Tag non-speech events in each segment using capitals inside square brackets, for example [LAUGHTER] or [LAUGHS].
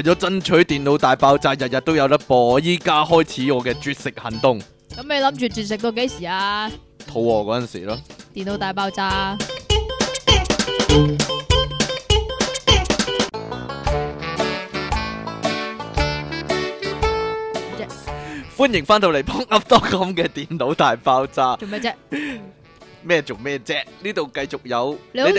為咗爭取電腦大爆炸，日日都有得播。依家開始我嘅絕食行動。咁你諗住絕食到幾時啊？肚餓嗰陣時咯。電腦大爆炸。歡迎翻到嚟幫噏多咁嘅電腦大爆炸。做咩啫？ [LAUGHS] 咩做咩啫？呢度繼續有你，好似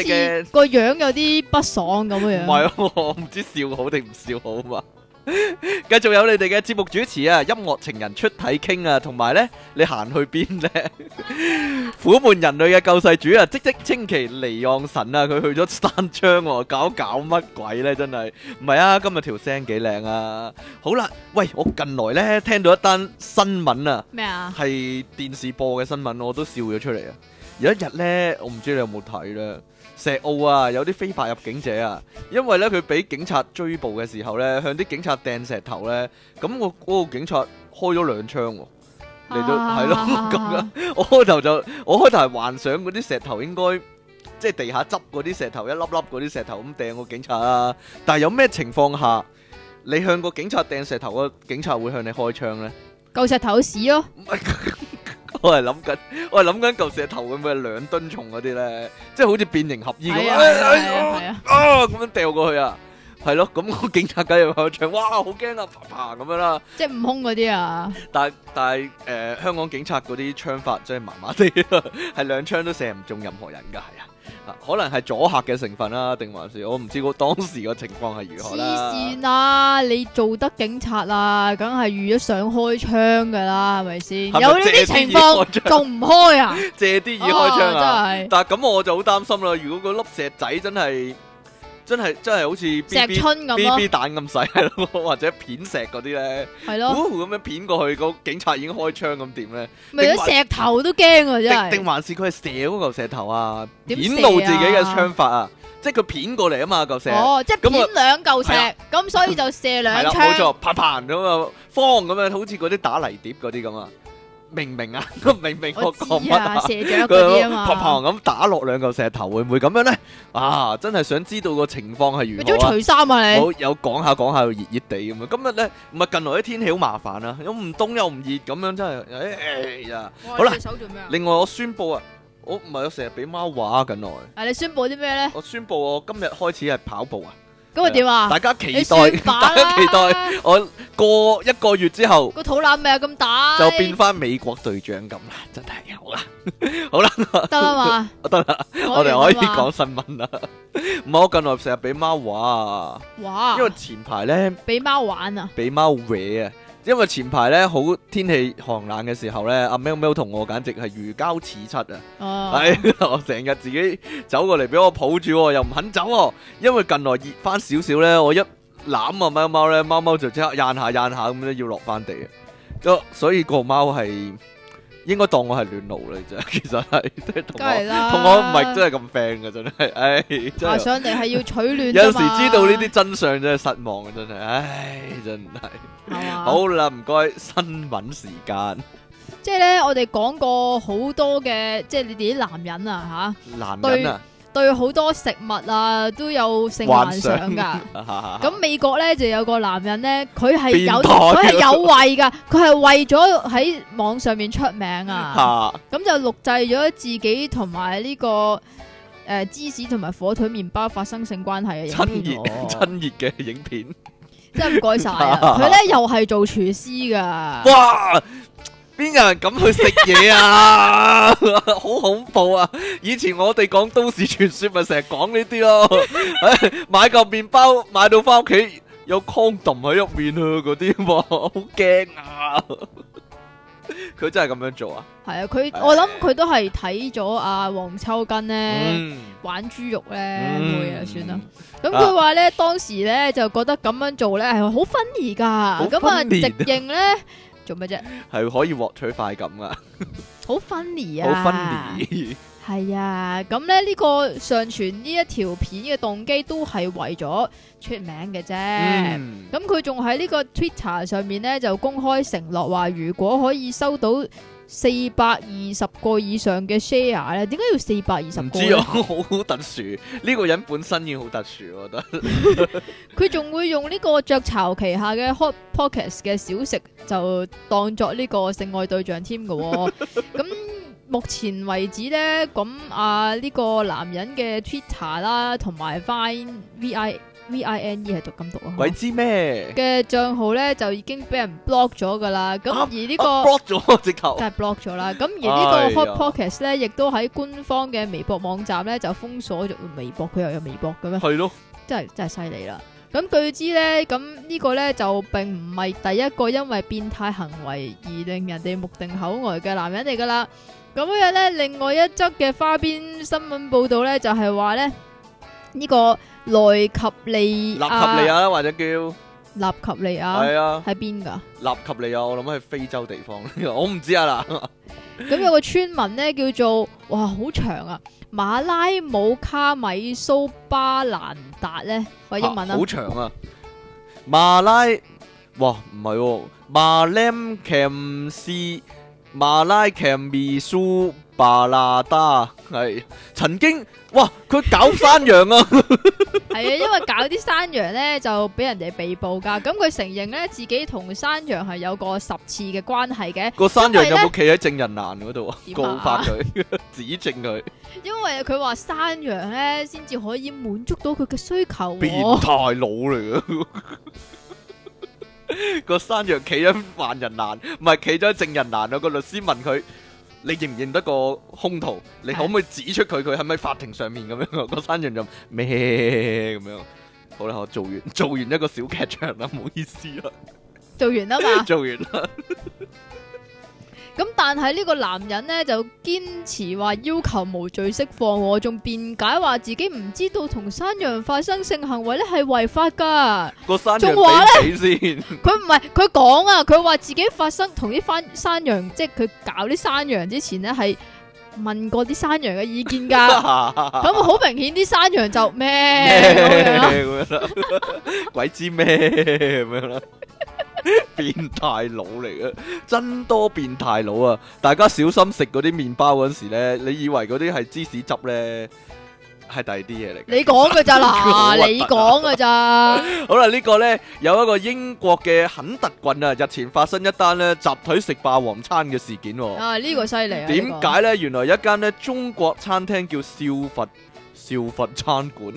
個樣有啲不爽咁樣。唔係，我唔知笑好定唔笑好嘛？繼續有你哋嘅節目主持啊！音樂情人出體 king！啊！同埋咧，你行去邊咧？苦悶人類嘅救世主啊！即即清奇離岸神啊！佢去咗山槍，搞搞乜鬼咧？真係唔係啊！今日條聲幾靚啊！好啦，喂，我近來咧聽到一單新聞啊，咩啊？係電視播嘅新聞，我都笑咗出嚟啊！有一日咧，我唔知你有冇睇啦，石澳啊，有啲非法入境者啊，因為咧佢俾警察追捕嘅時候咧，向啲警察掟石頭咧，咁我個警察開咗兩槍，你都係咯咁啊！我開頭就我開頭係幻想嗰啲石頭應該即係地下執嗰啲石頭一粒粒嗰啲石頭咁掟個警察啊，但係有咩情況下你向個警察掟石頭個警察會向你開槍咧？夠石頭屎咯！我係諗緊，我係諗緊嚿石頭咁嘅兩噸重嗰啲咧，即係好似變形合衣咁 [NOISE] 啊，咁樣掉過去啊，係咯，咁警察梗係要開槍，哇，好驚啊，啪啪咁樣啦，即係悟空嗰啲啊，但係但係誒、呃，香港警察嗰啲槍法真係麻麻地，係兩槍都射唔中任何人噶，係啊。可能係阻嚇嘅成分啦，定還是我唔知當時嘅情況係如何，黐線啦，啊，你做得警察啊，梗係預咗想開槍噶啦，係咪先？有呢啲情況仲唔開啊？ [LAUGHS] 借啲意開槍啊？哦，真係但係咁我就好擔心啦，如果個粒石仔真係。真係真係好似石春 BB 蛋咁細，或者片石嗰啲咧，呼呼咁樣片過去，那個警察已經開槍咁點咧？咪咗石頭都驚啊！真定還是佢係射嗰嚿石頭啊？啊露自己嘅槍法啊？即係佢片過嚟啊嘛嚿石哦，即係片兩嚿石，咁、啊、所以就射兩槍，啪啪咁啊，砰砰方咁啊，好似嗰啲打泥碟嗰啲咁啊。明唔明啊，明明我講話，佢咁打落兩嚿石頭，會唔會咁樣咧？啊，真係想知道個情況係如何啊！有除衫啊，你有講下講下熱熱地咁啊！今日咧，唔係近來啲天氣好麻煩啊，咁唔凍又唔熱，咁樣真係哎呀！好啦，手做咩啊，另外我宣布啊，我唔係我成日俾貓話啊近來。啊，你宣布啲咩咧？我宣布我今日開始係跑步啊！咁啊點啊！大家期待，大家期待，我過一個月之後個肚腩咪有咁大，就變翻美國隊長咁啦，真係有啦。好啦，得啦嘛，得啦，我哋可以講新聞啦。唔係我近來成日俾貓玩，哇！因為前排咧俾貓玩啊，俾貓搲啊。因為前排咧好天氣寒冷嘅時候咧，阿喵喵同我簡直係如膠似漆啊！係、oh. [LAUGHS] 我成日自己走過嚟俾我抱住，又唔肯走。因為近來熱翻少少咧，我一攬阿喵喵咧，喵喵就即刻掹下掹下咁咧要落翻地啊！所以個貓係。應該當我係暖爐嚟啫，其實係同我同我唔係真係咁 friend 嘅，真係，唉，爬上嚟係要取暖。 [LAUGHS] 有時知道呢啲真相真係失望啊，真係，唉，真係。嗎好啦，唔該，新聞時間。即係咧，我哋講過好多嘅，即係你哋啲男人啊，吓，男人啊。對好多食物啊都有性幻想噶，咁、啊啊、美國呢就有個男人呢，佢係有佢係有位噶，佢係為咗喺網上面出名啊，咁就錄製咗自己同埋呢個、呃、芝士同埋火腿麵包發生性關係嘅親熱、親熱嘅影片，真係唔該晒啊！佢、啊、 [LAUGHS] 呢又係做廚師噶。哇邊有人咁去食嘢啊？好恐怖啊！以前我哋講都市傳說咪成日講呢啲咯。買個麵包買到翻屋企有 condom 喺入面啊，嗰啲嘛好驚啊！佢真係咁樣做啊？係啊，佢我諗佢都係睇咗阿黃秋根咧玩豬肉咧，冇嘢算啦。咁佢話咧當時咧就覺得咁樣做咧係好分異噶，咁啊直認咧。做咩啫？係可以獲取快感啊！好 funny 啊！好 funny，係啊！咁咧呢個上傳呢一條片嘅動機都係為咗出名嘅啫。咁佢仲喺呢個 Twitter 上面咧就公開承諾話，如果可以收到四百二十個以上嘅 share 咧，點解要四百二十個？唔知，好特殊，呢、呢個人本身已經好特殊，我覺得。佢仲會用呢個雀巢旗下嘅 hot pockets 嘅小食就當作呢個性愛對象添嘅、哦。咁 [LAUGHS] 目前為止咧，咁啊呢個男人嘅 Twitter 啦，同埋 Vine。vine 係讀咁讀啊！鬼、e、知咩嘅帳號咧就已經俾人 block 咗㗎啦。咁而， [LAUGHS] 了了而個呢個 block 咗直頭，真係 block 咗啦。咁而呢個 Hot Podcast 咧，亦都喺官方嘅微博網站咧就封鎖咗微博，佢又有微博咁樣。係咯的，真係真係犀利啦。咁據知咧，咁呢個咧就並唔係第一個因為變態行為而令人哋目定口呆嘅男人嚟㗎啦。咁樣咧，另外一則嘅花邊新聞報導咧，就係話咧。呢、這個利亞納及利啊，或者叫納及利亞。係啊，喺邊噶？納及利亞，我諗喺非洲地方，呢 [LAUGHS] 我唔知啊啦。咁有個村民咧，叫做哇，好長啊，馬拉姆卡米蘇巴蘭達咧，我、啊、英文啊，好長啊，馬拉哇，唔係、啊、馬 lem cam c。馬拉坎米蘇巴拉達係曾經哇，佢搞山羊啊，係啊，因為搞啲山羊咧就俾人哋被捕噶咁佢承認咧自己同山羊係有個十次嘅關係嘅。個山羊有冇企喺證人欄嗰度告發佢指證佢？因為佢話山羊咧先至可以滿足到佢嘅需求。變態佬嚟嘅。個 [LAUGHS] 山羊企咗犯人欄，唔係企咗證人欄。有個律師問佢：你認唔認得個凶徒？你可唔可以指出佢？佢喺咪法庭上面咁樣？個 [LAUGHS] 山羊就咩咁樣？好啦，我做完，做完一個小劇場啦，唔好意思啦，做完啦嘛， [LAUGHS] 做完啦了笑。咁但係呢個男人呢，就堅持話要求無罪釋放，我仲辯解話自己唔知道同山羊發生性行為咧係違法噶，仲話呢，佢唔係，佢講啊，佢話自己發生同啲翻山羊，即係佢搞啲山羊之前呢，係問過啲山羊嘅意見噶，咁好 [LAUGHS] 明顯啲山羊就咩鬼知咩？ [LAUGHS] [LAUGHS] [LAUGHS] 變態佬嚟嘅，真多變態佬啊！大家小心食嗰啲麵包嗰時呢，你以為嗰啲係芝士汁呢？係第二啲嘢嚟。你講嘅咋嗱？ [LAUGHS] 心啊、你講嘅咋？ [LAUGHS] 好啦，呢、這個呢，有一個英國嘅肯特郡啊，日前發生一單呢集體食霸王餐嘅事件。啊，呢、啊這個犀利、啊。點解呢？這個、原來一間呢中國餐廳叫笑佛。少佛餐館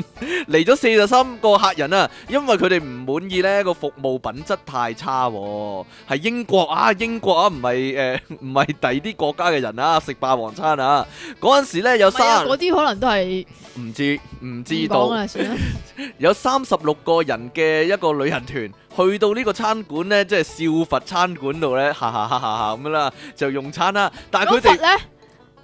嚟咗四十三個客人啊，因為佢哋唔滿意呢個服務品質太差、啊，係英國啊英國啊唔係誒唔係第二啲國家嘅人啊食霸王餐啊嗰陣時呢，有三啲、啊、可能都係唔知唔知道，知道 [LAUGHS] 有三十六個人嘅一個旅行團去到呢個餐館呢，即係少佛餐館度呢，哈哈哈哈，咁啦就用餐啦，但係佢哋咧。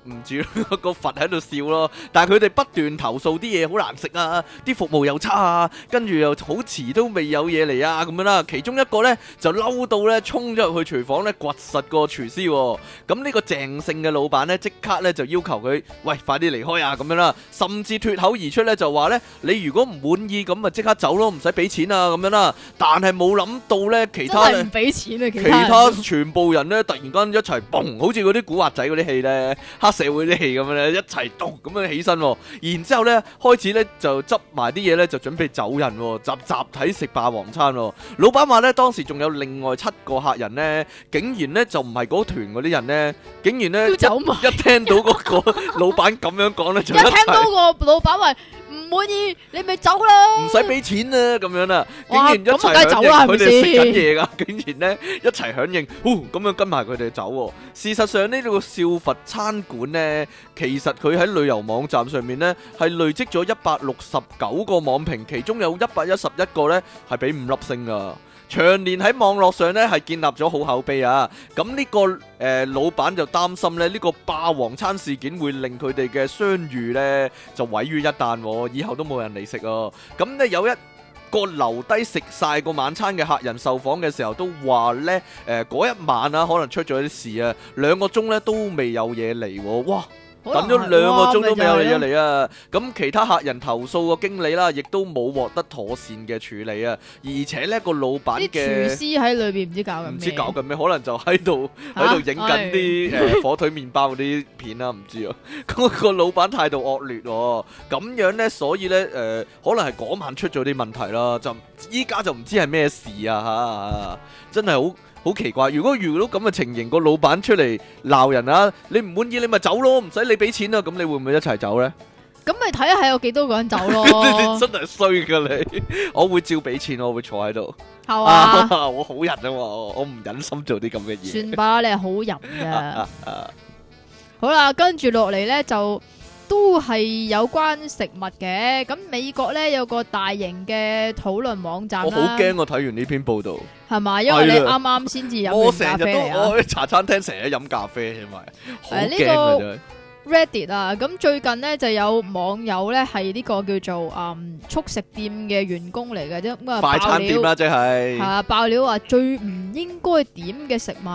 唔知 [LAUGHS] 個佛喺度笑咯，但係佢哋不斷投訴啲嘢好難食啊，啲服務又差啊，跟住又好遲都未有嘢嚟啊咁樣啦、啊。其中一個呢，就嬲到呢，衝咗入去廚房呢，掘實個廚師喎、啊。咁呢個鄭姓嘅老闆呢，即刻呢，就要求佢：喂，快啲離開啊！咁樣啦、啊，甚至脫口而出呢，就話呢：「你如果唔滿意咁咪即刻走咯，唔使俾錢啊！咁樣啦、啊。但係冇諗到呢，其他真係唔俾錢、啊、其他人其他全部人呢，突然間一齊嘣， [LAUGHS] 好似嗰啲古惑仔嗰啲戲呢。社會啲戲咁樣咧，一齊動咁樣起身，然之後咧開始咧就執埋啲嘢咧就準備走人，集集體食霸王餐。老闆話咧當時仲有另外七個客人咧，竟然咧就唔係嗰團嗰啲人咧，竟然咧走一聽到嗰個老闆咁樣講咧 [LAUGHS] 就一聽到個老闆話。 [LAUGHS] 滿意，你咪走啦！唔使俾錢啦，咁樣啦，竟然一齊響應，佢哋食緊嘢噶竟然咧一齊響應，嗚，咁樣跟埋佢哋走。事實上呢個笑佛餐館咧，其實佢喺旅遊網站上面咧係累積咗一百六十九個網評，其中有一百一十一個咧係俾五粒星噶。長年喺網絡上咧係建立咗好口碑啊！咁呢、呢個誒、呃、老闆就擔心咧呢個霸王餐事件會令佢哋嘅商譽呢就毀於一旦，以後都冇人嚟食啊！咁呢有一個留低食晒個晚餐嘅客人，受訪嘅時候都話呢誒嗰、呃、一晚啊，可能出咗啲事啊，兩個鐘呢都未有嘢嚟喎，哇！等咗兩個鐘都未有嚟啊！咁其他客人投訴個經理啦，亦都冇獲得妥善嘅處理啊！而且呢個老闆嘅，啲廚師喺裏邊唔知搞緊，唔知搞緊咩，可能就喺度喺度影緊啲誒火腿麵包啲片啦，唔知啊！咁個 [LAUGHS] [LAUGHS] 老闆態度惡劣，咁樣呢，所以呢，誒、呃，可能係嗰晚出咗啲問題啦，就依家就唔知係咩事啊！吓，真係好。好奇怪！如果遇到咁嘅情形，個老闆出嚟鬧人啦、啊，你唔滿意你咪走咯，唔使你俾錢啦、啊，咁你會唔會一齊走咧？咁咪睇下有幾多個人走咯。 [LAUGHS] 你真係衰噶你！ [LAUGHS] 我會照俾錢，我會坐喺度。係吧啊，我好人啊嘛，我唔忍心做啲咁嘅嘢。算吧，你係好人啊。 [LAUGHS] [LAUGHS] 好啦，跟住落嚟咧就。都係有關食物嘅，咁美國咧有個大型嘅討論網站，我好驚我睇完呢篇報道，係嘛？因為你啱啱先至我飲咖啡啊！ [LAUGHS] 我我喺茶餐廳成日飲咖啡，因為好驚。哎呢個 ready 啦！咁最近咧就有網友咧係呢個叫做嗯速食店嘅員工嚟嘅啫，咁啊快餐店啦，即係吓爆料話最唔應該點嘅食物，咁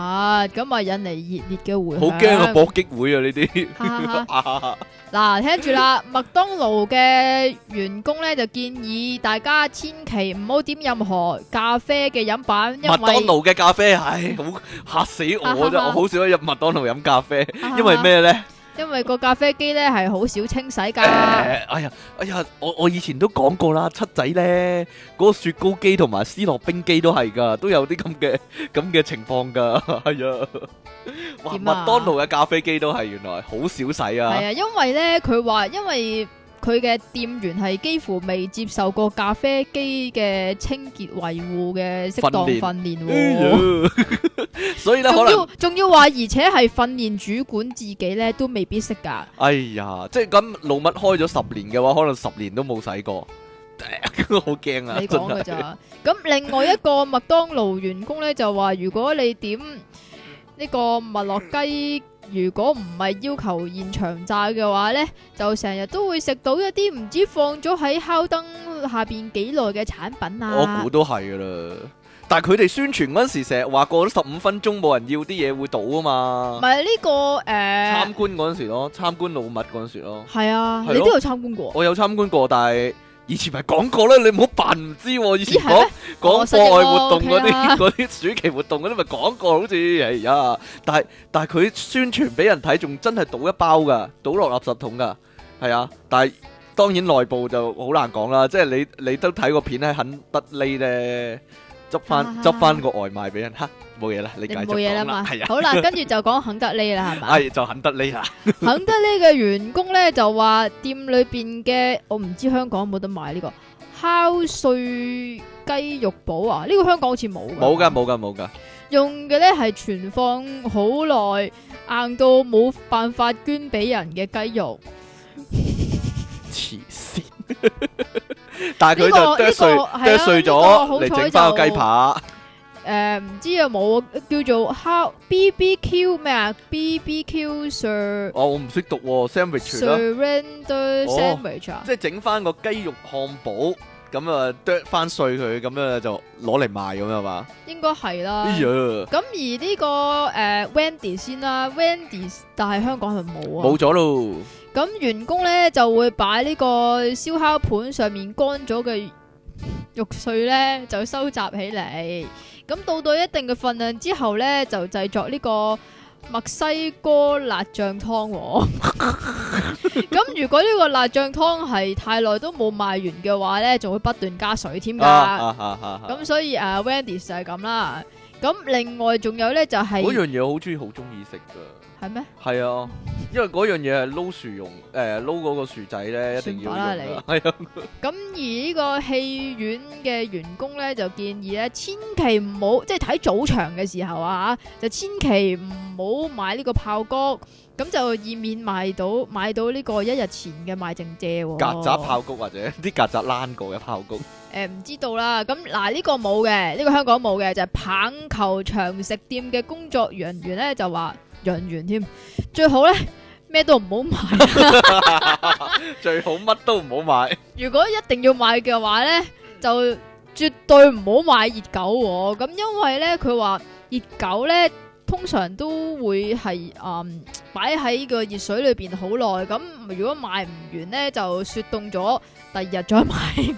啊引嚟熱烈嘅回響。好驚啊！搏擊會啊呢啲。嗱，聽住啦，麥當勞嘅員工咧就建議大家千祈唔好點任何咖啡嘅飲品，因為麥當勞嘅咖啡唉，好吓死我！我就我好少可入麥當勞飲咖啡，因為咩咧？因為個咖啡機咧係好少清洗噶、啊哎。哎呀，哎呀，我我以前都講過啦，七仔咧嗰、那個雪糕機同埋思樂冰機都係噶，都有啲咁嘅咁嘅情況噶。係、哎、 [LAUGHS] 哇啊，哇，麥當勞嘅咖啡機都係，原來好少洗啊。係啊，因為咧佢話因為。佢嘅店員係幾乎未接受過咖啡機嘅清潔維護嘅適當訓練，所以咧呢要可能仲要話，而且係訓練主管自己咧都未必識噶。哎呀，即係咁老麥開咗十年嘅話，可能十年都冇洗過， [LAUGHS] 好驚啊！你講噶咋？咁另外一個麥當勞員工咧就話，如果你點呢個麥樂雞。如果唔係要求現場炸嘅話咧，就成日都會食到一啲唔知放咗喺烤燈下邊幾耐嘅產品啊！我估都係噶啦，但係佢哋宣傳嗰陣時成日話過咗十五分鐘冇人要啲嘢會倒啊嘛！唔係呢個誒，參、呃、觀嗰陣時咯，參觀老物嗰陣時咯，係啊，咯你都有參觀過，我有參觀過，但係。以前咪講過咧，你唔好扮唔知啊。以前講講課外活動嗰啲嗰啲暑期活動嗰啲咪講過，好似係呀。但係但係佢宣傳俾人睇，仲真係倒一包㗎，倒落垃圾桶㗎。係啊，但係當然內部就好難講啦。即係你你都睇個片係很不利 e 咧。執翻執翻個外賣俾人哈，冇嘢啦，你繼續講啦。你冇嘢啦嘛。係是啊，好啦，跟住就講肯德基啦，係咪 [LAUGHS] 吧？係、哎、就肯德基啦。 [LAUGHS] 肯德基嘅員工咧就話，店裏邊嘅我唔知香港有冇得買呢個烤碎雞肉堡啊？呢個香港好似冇。冇噶，冇噶，冇噶。用嘅咧係存放好耐，硬到冇辦法捐俾人嘅雞肉。 [LAUGHS] [LAUGHS] 但係佢就剁碎，剁、這個這個、碎咗嚟整翻個雞扒。誒，唔、呃、知有冇，叫做 B B Q 咩啊 B B Q sir。哦，我唔識讀喎、啊、，sandwich Sand、啊哦、啦。surrender、哎呀這個呃、sandwich 啊，即係整翻個雞肉漢堡咁啊，剁翻碎佢，咁啊就攞嚟賣咁啊嘛。應該係啦。咁而呢個誒 Wendy 先啦，Wendy，但係香港係冇啊，冇咗咯。咁員工咧就會把呢個燒烤盤上面乾咗嘅肉碎咧就收集起嚟，咁到到一定嘅份量之後咧就製作呢個墨西哥辣醬湯。咁如果呢個辣醬湯係太耐都冇賣完嘅話咧，就會不斷加水添噶。咁、啊啊啊啊、所以誒、啊，Wendy、啊、就係咁啦。咁另外仲有咧就係嗰樣嘢好中意，好中意食噶。係咩？係啊，因為嗰樣嘢係撈薯蓉誒，撈、呃、嗰個薯仔咧一定要。算啦、啊、你。係啊。咁而呢個戲院嘅員工咧就建議咧，千祈唔好即係睇早場嘅時候啊，就千祈唔好買呢個炮谷，咁就以免買到買到呢個一日前嘅賣剩蔗、啊。曱甴炮谷或者啲曱甴躝過嘅炮谷、欸。誒，唔知道啦。咁嗱呢個冇嘅，呢、這個香港冇嘅就係、棒球場食店嘅工作人員咧就話，人完添，最好咧咩都唔好買， [LAUGHS] [LAUGHS] 最好乜都唔好買。 [LAUGHS] 如果一定要買嘅話咧，就絕對唔好買熱狗，哦，咁因為咧佢話熱狗咧。通常都會係嗯擺喺個熱水裏邊好耐，咁如果賣唔完呢，就雪凍咗，第二日再買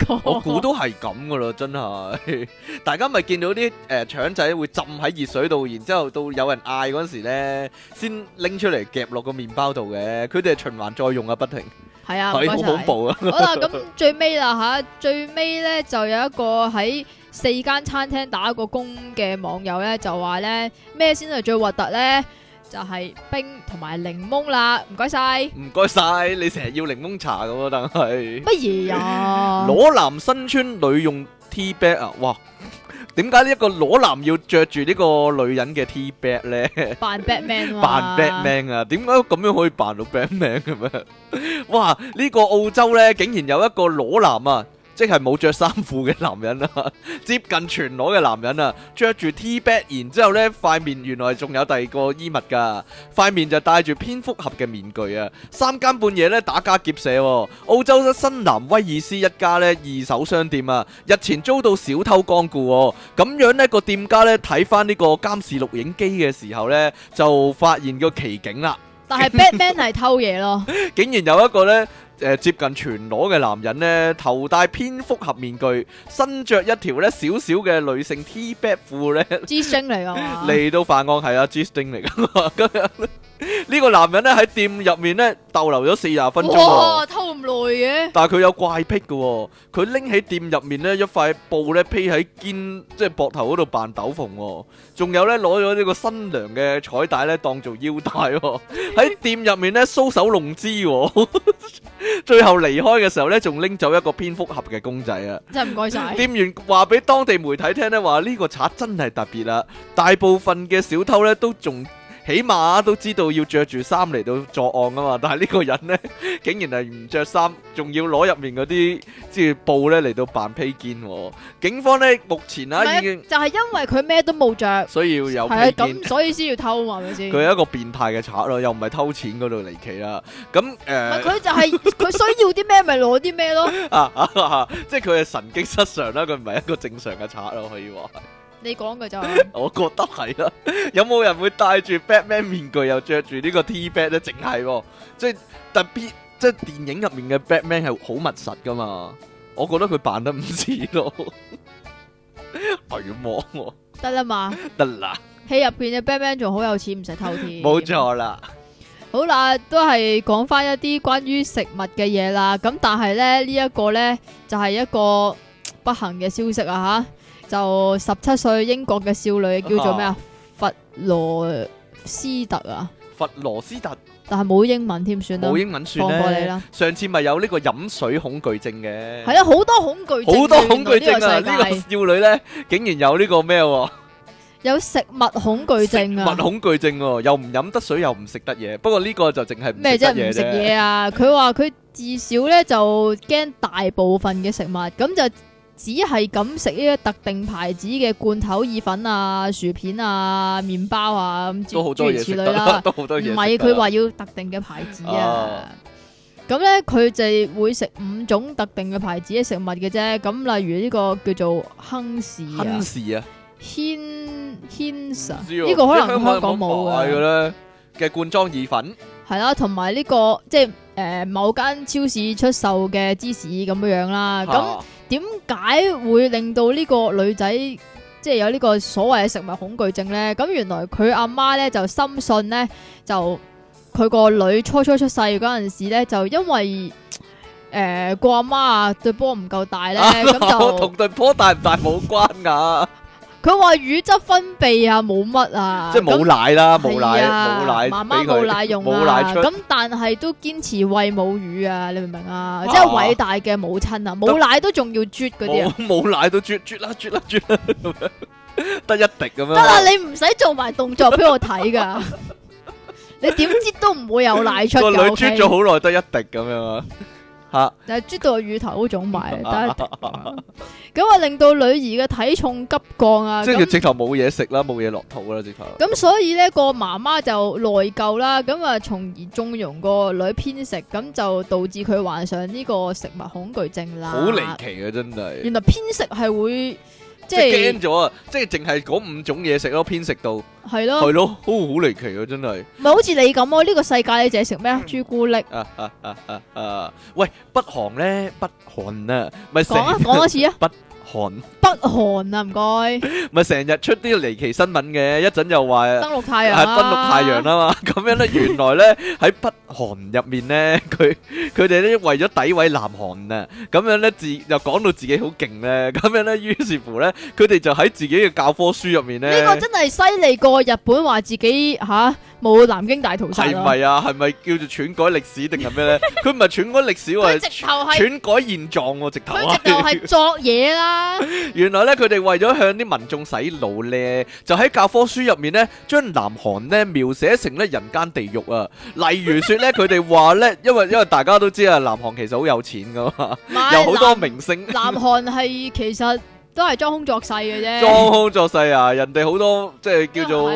個。 [LAUGHS] 我估都係咁噶咯，真係。大家咪見到啲誒腸仔會浸喺熱水度，然之後到有人嗌嗰時呢，先拎出嚟夾落個麵包度嘅。佢哋係循環再用啊，不停。係啊，好恐怖啊！ [LAUGHS] 好啦，咁最尾啦吓，最尾呢，就有一個喺四間餐廳打過工嘅網友咧就話咧，咩先係最核突咧就係、是、冰同埋檸檬啦，唔該晒，唔該晒，你成日要檸檬茶咁啊。但係乜嘢啊？裸男身穿女用 T b a g 啊！哇，點解，呢一個裸男要着住呢個女人嘅 T b a g 咧？扮 Batman，扮 Batman 啊？點解咁樣可以扮到 Batman 咁啊？哇！呢、這個澳洲咧竟然有一個裸男啊！即係冇着衫褲嘅男人啊， [LAUGHS] 接近全裸嘅男人啊，着住 T-Bat 恤，然之後咧，塊面原來仲有第二個衣物噶塊面就戴住蝙蝠俠嘅面具啊！三更半夜咧，打家劫舍，哦，澳洲新南威爾斯一家咧，二手商店啊，日前遭到小偷光顧，哦，咁樣呢個店家咧，睇翻呢個監視錄影機嘅時候呢，就發現個奇景啦！但係 Batman 係偷嘢咯， [LAUGHS] 竟然有一個呢。誒、呃，接近全裸嘅男人呢，頭戴蝙蝠俠面具，身着一條咧小小嘅女性 T back 褲咧，G string 嚟噶，嚟到犯案係阿 G string 嚟噶，咁樣呢個男人呢，喺店入面呢逗留咗四十分鐘、哦，偷咁耐嘅，但係佢有怪癖嘅、哦，佢拎起店入面呢，一塊布呢披喺肩，即係膊頭嗰度扮斗篷，仲有呢，攞咗呢個新娘嘅彩帶呢當做腰帶喺、哦、店入面呢，搔首弄姿、哦。 [LAUGHS] 最後離開嘅時候呢，仲拎走一個蝙蝠俠嘅公仔啊！真係唔該晒。 [LAUGHS] 店員話俾當地媒體聽呢，話呢個賊真係特別啦、啊，大部分嘅小偷呢，都仲。起碼都知道要着住衫嚟到作案啊嘛，但係呢個人咧竟然係唔着衫，仲要攞入面嗰啲即係布咧嚟到扮披肩，喔。警方咧目前啊是已經就係因為佢咩都冇着，所以要有披肩，所以先要偷嘛，咪先？佢係一個變態嘅賊咯，又唔係偷錢嗰度離奇啦。咁、啊、誒，佢就係佢需要啲咩咪攞啲咩咯。啊，即係佢係神經失常啦，佢唔係一個正常嘅賊咯，可以話。你講嘅就是， [LAUGHS] 我覺得係啦。 [LAUGHS] 有冇人會戴住 Batman 面具又着住呢個 T 恤咧？淨係、哦，即係特別，即係電影入面嘅 Batman 係好密實噶嘛？我覺得佢扮得唔似咯 [LAUGHS] [LAUGHS] 嗎，係咁望得啦嘛，得啦了。戲入邊嘅 Batman 仲好有錢，唔使偷添。冇錯 [LAUGHS] 啦。好啦，都係講翻一啲關於食物嘅嘢啦。咁但係咧，這個、呢一個咧就係、是、一個不幸嘅消息啊！吓。就十七歲英國嘅少女叫做咩啊？弗羅斯特啊？弗羅斯特，但係冇英文添，算啦，冇英文算咧。上次咪有呢個飲水恐懼症嘅，係啊，好多恐懼症，好多恐懼症啊！呢個少女咧，竟然有呢個咩？有食物恐懼症啊？物恐懼症，又唔飲得水，又唔食得嘢。不過呢個就淨係唔食得嘢啫。食嘢啊！佢話佢至少咧就驚大部分嘅食物，咁就。只係咁食呢啲特定牌子嘅罐頭意粉啊、薯片啊、麵包啊咁諸如此類，唔係佢話要特定嘅牌子啊，啊呢。咁咧佢就會食五種特定嘅牌子嘅食物嘅啫。咁例如呢個叫做亨氏，亨啊，謙謙實，呢、啊、個可能香港冇嘅咧嘅罐裝意粉，係啦、這個，同埋呢個即係誒、呃、某間超市出售嘅芝士咁樣樣啦、啊，咁。啊啊點解會令到呢個女仔即係有呢個所謂嘅食物恐懼症呢？咁原來佢阿媽呢，就深信呢，就佢個女初初出世嗰陣時呢，就因為誒個阿媽啊就對波唔夠大呢，咁就同對波大唔大冇關㗎！ [LAUGHS] 佢話乳汁分泌啊，冇乜啊，即係冇奶啦，冇奶，冇奶，媽媽冇奶用啦。咁但係都堅持餵母乳啊，你明唔明啊？即係偉大嘅母親啊，冇奶都仲要啜嗰啲啊，冇奶都啜啜啦，啜啦，啜啦，得一滴咁樣。得啦，你唔使做埋動作俾我睇噶，你點知都唔會有奶出。個女啜咗好耐，得一滴咁樣啊。吓，但係啜到個乳頭都腫埋，咁啊 [LAUGHS] [LAUGHS] 令到女兒嘅體重急降啊，即係佢直頭冇嘢食啦，冇嘢那落肚啦，直頭。咁所以咧個媽媽就內疚啦，咁啊從而縱容個女偏食，咁就導致佢患上呢個食物恐懼症啦。好離奇呀真係，原來偏食係會。即係驚咗啊！即係淨係嗰五種嘢食咯，偏食到係咯，係咯，都好離奇啊！真係唔係好似你咁啊？呢個世界你淨係食咩啊？朱古力啊啊啊啊！喂，北韓咧，北韓啊，咪講啊，講多次啊！韓北韓啊，唔該，咪成日出啲離奇新聞嘅，一陣又話登陸太陽登陸太陽啊嘛，咁樣咧，原來咧喺北韓入面咧，佢佢哋咧為咗詆毀南韓啊，咁樣咧自又講到自己好勁咧，咁樣咧，於是乎咧，佢哋就喺自己嘅教科書入面咧，呢個真係犀利過日本話自己吓冇南京大屠殺咯，係咪啊？係咪叫做篡改歷史定係咩咧？佢唔係篡改歷史，佢直頭係篡改現狀，直頭，佢直頭係作嘢啦。原來咧，佢哋為咗向啲民眾洗腦咧，就喺教科書入面咧，將南韓咧描寫成咧人間地獄啊！例如說咧，佢哋話咧，因為因為大家都知啊，南韓其實好有錢㗎嘛，了有好多明星。南韓係其實。 [LAUGHS] 都係裝腔作勢嘅啫。裝腔作勢啊！人哋好多即係叫做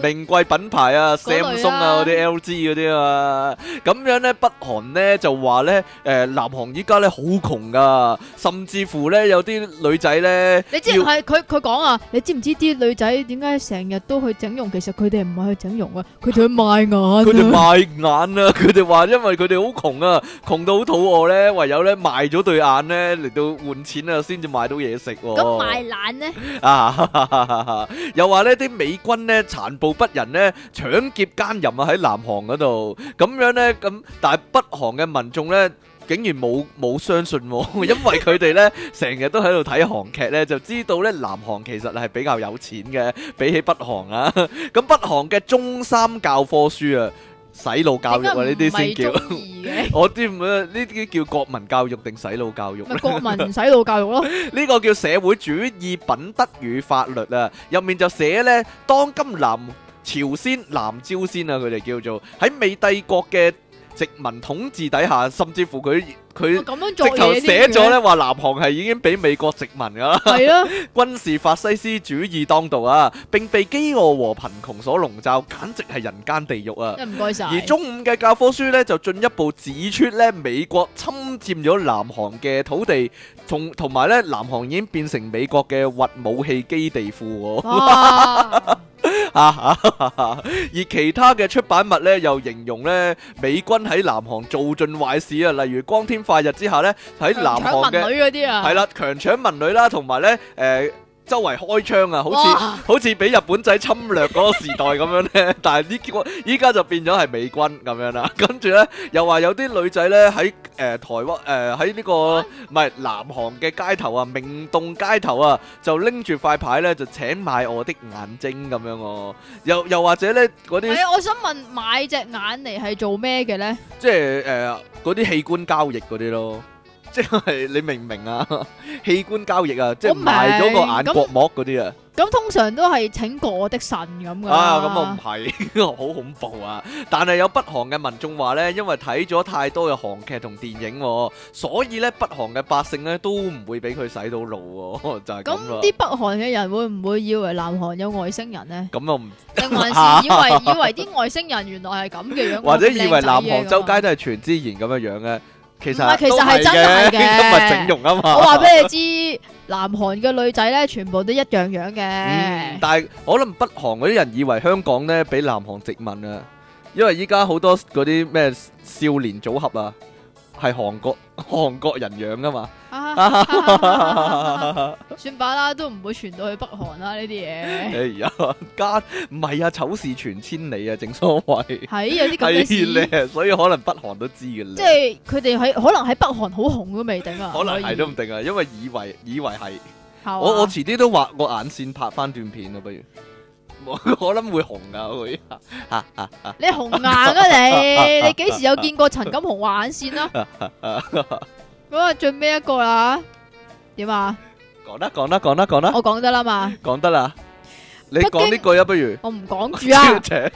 名貴品牌啊、嗯、，Samsung 啊，嗰啲 LG 嗰啲啊。咁樣咧，北韓咧就話咧，誒、呃，南韓依家咧好窮噶，甚至乎咧有啲女仔咧，你知唔係？佢佢講啊，你知唔知啲女仔點解成日都去整容？其實佢哋唔係去整容啊，佢哋去賣眼。佢哋賣眼啊！佢哋話因為佢哋好窮啊，窮到好肚餓咧，唯有咧賣咗對眼咧嚟到換錢啊，先至買到嘢食。賣懶咧又話呢啲美軍咧殘暴不仁咧搶劫奸淫啊，喺南韓嗰度，咁樣呢？咁，但係北韓嘅民眾呢，竟然冇冇相信，啊，因為佢哋呢，成日都喺度睇韓劇呢，就知道呢，南韓其實係比較有錢嘅，比起北韓啊，咁，嗯，北韓嘅中三教科書啊。洗腦教育啊！呢啲先叫我知唔知啊？呢啲叫國民教育定洗腦教育？咪國民洗腦教育咯？呢 [LAUGHS] 個叫社會主義品德與法律啊！入面就寫呢，當今南朝鮮南朝鮮啊，佢哋叫做喺美帝國嘅。殖民統治底下，甚至乎佢佢，直頭寫咗咧話，南韓係已經俾美國殖民噶。啊，係咯，軍事法西斯主義當道啊，並被饑餓和貧窮所籠罩，簡直係人間地獄啊！謝謝，而中五嘅教科書呢，就進一步指出呢，美國侵佔咗南韓嘅土地。同同埋咧，南韓已經變成美國嘅核武器基地庫喎。啊，而其他嘅出版物咧，又形容咧美軍喺南韓做盡壞事啊，例如光天化日之下咧喺南韓嘅，係啦，強搶民女啦，同埋咧誒。呃周圍開槍啊，好似，oh。好似俾日本仔侵略嗰個時代咁樣咧。 [LAUGHS] 但係呢個依家就變咗係美軍咁樣啦，啊。跟住咧又話有啲女仔咧喺誒台灣誒喺呢個唔係南韓嘅街頭啊，明洞街頭啊，就拎住塊牌咧就請買我的眼睛咁樣哦，啊。又又或者咧嗰啲，係，哎，我想問買隻眼嚟係做咩嘅咧？即係誒嗰啲器官交易嗰啲咯。即係你明唔明啊？器官交易啊！即係賣咗個眼角膜嗰啲啊！咁通常都係請過我的神咁嘅。啊，咁啊唔係，好恐怖啊！但係有北韓嘅民眾話咧，因為睇咗太多嘅韓劇同電影，所以咧北韓嘅百姓咧都唔會俾佢洗到腦，就係咁啦。咁啲北韓嘅人會唔會以為南韓有外星人咧？咁又唔定還是以為以為啲外星人原來係咁嘅樣，或者以為南韓周街都係全自然咁嘅樣咧？其實，唔係，其實係真係嘅，咁咪整容啊嘛我！我話俾你知，南韓嘅女仔咧，全部都一樣樣嘅。嗯，但係可能北韓嗰啲人以為香港咧俾南韓殖民啊，因為依家好多嗰啲咩少年組合啊。係韓國，韓國人養噶嘛？ [LAUGHS] [LAUGHS] 算罷啦，都唔會傳到去北韓啦。呢啲嘢，哎呀，家唔係啊，醜事傳千里啊，正所謂係有啲咁嘅事， [LAUGHS] 所以可能北韓都知嘅咧。即係佢哋喺可能喺北韓好紅都未定啊。可能係都唔定啊 [LAUGHS] 所以， [LAUGHS] 因為以為以為係、啊、我我遲啲都畫個眼線拍翻段片啊，不如。我諗會紅噶佢，吓吓吓！你紅眼啊你！你幾時有見過陳錦洪畫眼線啦？咁啊最尾一個啦，點啊？講得講得講得講得，我講得啦嘛。講得啦，你講呢句呀？不如我唔講住啊！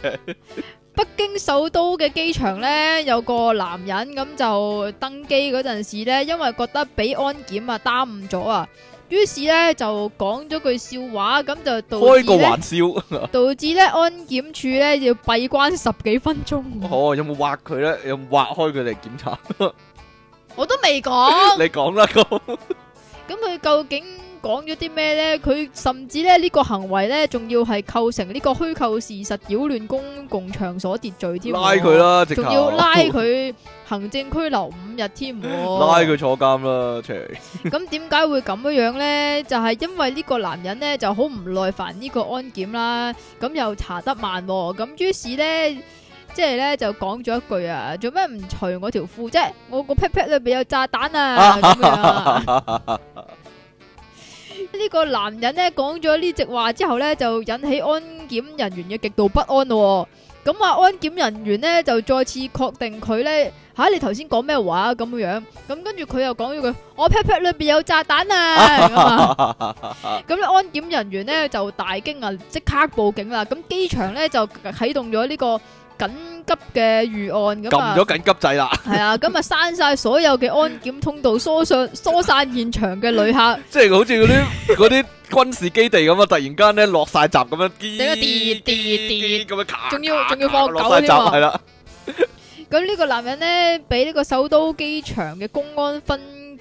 北京首都嘅機場咧，有個男人咁就登機嗰陣時咧，因為覺得俾安檢啊耽誤咗啊。於是咧就講咗句笑話，咁就導開個玩笑，導致咧 [LAUGHS] 安檢處咧要閉關十幾分鐘。哦，有冇挖佢咧？有冇挖開佢嚟檢查？ [LAUGHS] 我都未講， [LAUGHS] 你講說啦吧。咁咁佢究竟？講咗啲咩咧？佢甚至咧呢個行為咧，仲要係構成呢個虛構事實擾亂公共場所秩序添喎。拉佢啦，仲要拉佢行政拘留五日添喎。拉佢坐監啦，Sir。咁點解會咁樣樣咧？就係、是、因為呢個男人咧就好唔耐煩呢個安檢啦，咁又查得慢喎，咁於是咧即係咧就講咗一句啊：做咩唔除我條褲啫？我個屁屁裏邊有炸彈啊！ [LAUGHS] [LAUGHS] 呢個男人咧講咗呢隻話之後咧，就引起安檢人員嘅極度不安咯，哦。咁、嗯、啊，安檢人員咧就再次確定佢咧，吓、啊、你頭先講咩話咁樣？咁跟住佢又講咗句：我 pat pat 裏邊有炸彈啊！咁咧、 [LAUGHS] [LAUGHS] 嗯，安檢人員咧就大驚啊，即刻報警啦。咁、嗯、機場咧就啟動咗呢、這個。緊急嘅預案咁啊，撳咗緊急掣啦，係啊，咁啊閂晒所有嘅安檢通道，疏散 [LAUGHS] 疏散現場嘅旅客，即係好似嗰啲嗰啲軍事基地咁啊，突然間咧落晒閘咁樣，跌跌跌跌咁樣仲要仲要放狗閘，係啦，咁呢個男人咧，俾呢個首都機場嘅公安分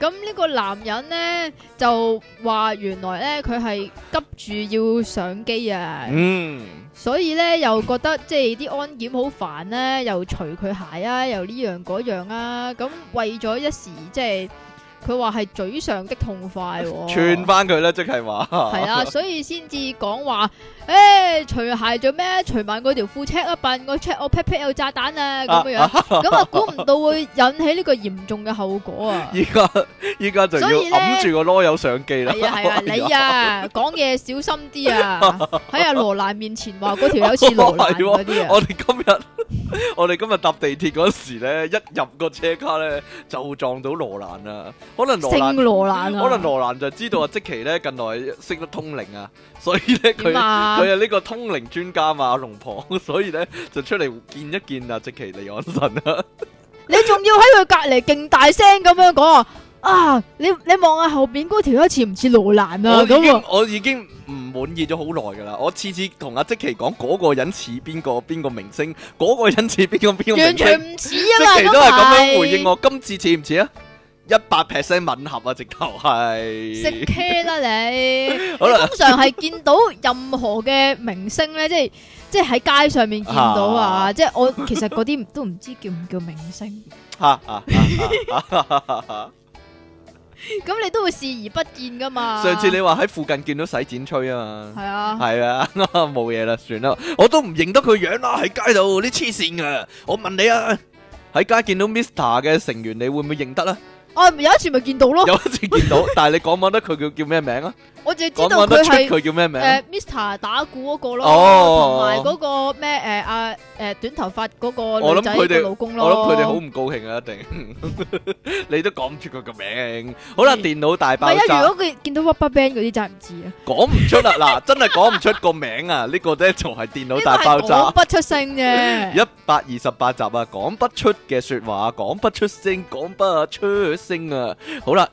咁呢個男人呢，就話原來呢，佢係急住要上機啊，mm. 所以呢，又覺得即係啲安檢好煩咧，又除佢鞋啊，又呢樣嗰樣啊，咁為咗一時即係。佢話係嘴上的痛快，哦，串翻佢咧即係話，係 [LAUGHS] [LAUGHS] 啊、欸、啊，所以先至講話，誒，除鞋做咩？除埋嗰條褲 check 一笨，我 check 我 pet pet 有炸彈啊咁嘅樣，咁啊，估唔到會引起呢個嚴重嘅後果啊！依家依家就要所以咧，揞住個囉柚相機啦，係啊，啊 [LAUGHS] 哎、呦你啊，講嘢 [LAUGHS] 小心啲啊，喺阿羅蘭面前話嗰條友似羅蘭啲我哋今日我哋今日搭地鐵嗰時咧，一入個車卡咧就撞到羅蘭啦。可能羅蘭，羅蘭啊、可能羅蘭就知道阿、啊、即奇咧近來識得通靈啊，啊，靈所以咧佢佢係呢個通靈專家嘛，阿龍婆，所以咧就出嚟見一見啊，即奇嚟安神啊。你仲要喺佢隔籬勁大聲咁樣講啊！你你望下後邊嗰條好似唔似羅蘭啊咁。我已經唔滿這樣 意咗好耐噶啦，我次次同阿即奇講嗰個人似邊個邊個明星，嗰、嗰個人似邊個邊個完全唔似啊嘛。即 [LAUGHS] 奇都係咁樣回應我，今次似唔似啊？一百 percent 吻合啊！直頭係食茄啦你。好啦，通常係見到任何嘅明星咧，即係即係喺街上面見到啊，即係我其實嗰啲都唔知叫唔叫明星。吓吓吓吓吓吓吓！咁你都會視而不見噶嘛上次你話喺附近見到洗剪吹啊嘛？係啊，係啊，冇嘢啦，算啦，我都唔認得佢樣啦，喺街度你黐線㗎！我問你啊，喺街見到 Mister 嘅成員，你會唔會認得咧？我、啊、有一次咪見到咯， [LAUGHS] 有一次見到，但係你講唔記得佢叫 [LAUGHS] 叫咩名啊？我淨係知道佢係，佢叫咩名，誒，Mister 打鼓嗰個咯，同埋嗰個咩誒，阿誒短頭髮嗰個女仔嘅老公咯。我諗佢哋好唔高興啊，一定。你都講唔出佢個名。好啦，電腦大爆炸。唔係啊，如果佢見到 Webban 嗰啲就唔知啦。講唔出啦，嗱，真係講唔出個名啊！呢個咧就係電腦大爆炸。講不出聲嘅。一百二十八集啊，講不出嘅說話，講不出聲，講不出聲啊！好啦。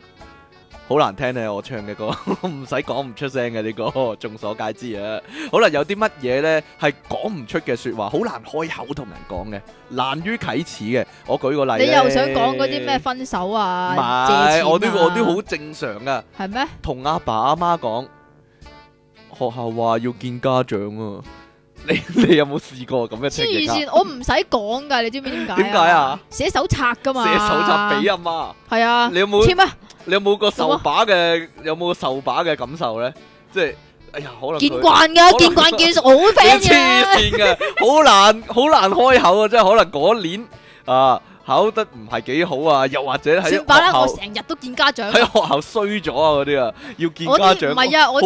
好難聽啊，我唱嘅歌唔使講唔出聲嘅呢個，眾所皆知啊。好啦，有啲乜嘢呢？係講唔出嘅說話，好難開口同人講嘅，難於啟齒嘅。我舉個例子，你又想講嗰啲咩分手啊？唔係是、啊，我呢個都好正常噶，係咩嗎？同阿爸阿媽講，學校話要見家長啊。你你有冇試過咁嘅？黐線，我唔使講噶，你知唔知點解？點解啊？寫手冊噶嘛？寫手冊俾阿媽。係啊，你有冇簽啊？你有冇個手把嘅？有冇個手把嘅感受咧？即係，哎呀，可能見慣嘅，見慣見熟好 friend 嘅。黐線嘅，好難好難開口啊！即係可能嗰年啊。考得唔係幾好啊，又或者我成日都見家長喺學校衰咗啊，嗰啲啊要見家長，好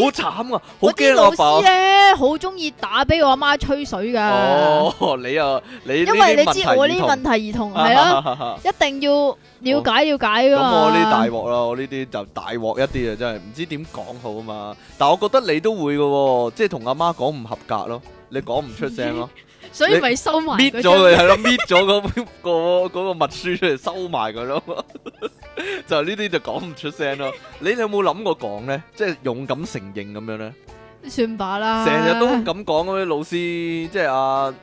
慘啊，好驚啊！我啲老師咧好中意打俾我阿媽吹水㗎。哦，你啊，你因為你知我呢啲問題兒童係啊，一定要了解了解㗎。咁我呢啲大鑊啦，我呢啲就大鑊一啲啊，真係唔知點講好啊嘛。但係我覺得你都會嘅喎，即係同阿媽講唔合格咯，你講唔出聲咯。所以咪收埋佢，搣咗佢係咯，搣咗嗰個嗰個密書出嚟收埋佢咯，就呢啲就講唔出聲咯。你哋有冇諗過講咧？即係勇敢承認咁樣咧？算把啦。成日都咁講嗰啲老師，即係阿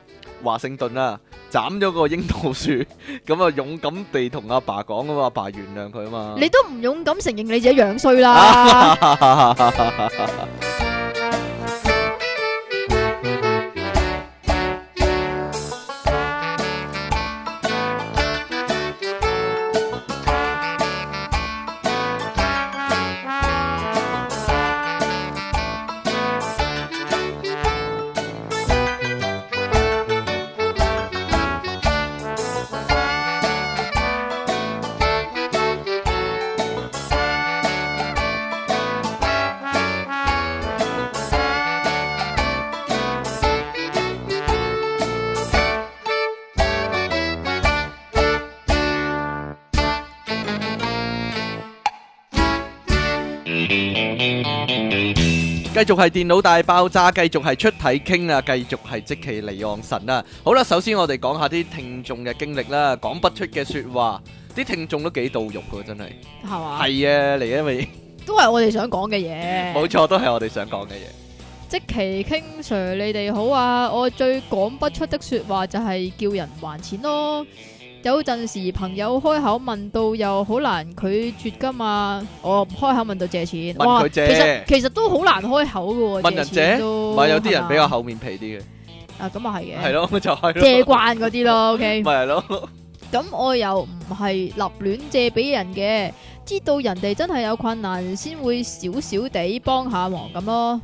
華盛頓啊，斬咗個櫻桃樹，咁啊勇敢地同阿爸講啊嘛，阿爸原諒佢啊嘛。你都唔勇敢承認你自己樣衰啦。繼續係電腦大爆炸，繼續係出體 King 啊，繼續係積淇離岸神啊！好啦，首先我哋講下啲聽眾嘅經歷啦，講不出嘅說話，啲聽眾都幾到肉噶，真係係嘛？係啊吧，嚟因為都係我哋想講嘅嘢，冇錯、嗯，都係我哋想講嘅嘢。積淇 King Sir，你哋好啊！我最講不出的說話就係叫人還錢咯。有陣時朋友開口問到又好難拒絕噶嘛？我、哦、開口問到借錢，借哇其實其實都好難開口噶喎。問人借，咪有啲人比較厚面皮啲嘅。啊，咁啊係嘅，係咯，okay、 [LAUGHS] 就係借慣嗰啲咯。OK，咪係咯。咁我又唔係立亂借俾人嘅，知道人哋真係有困難先會少少地幫下忙咁咯。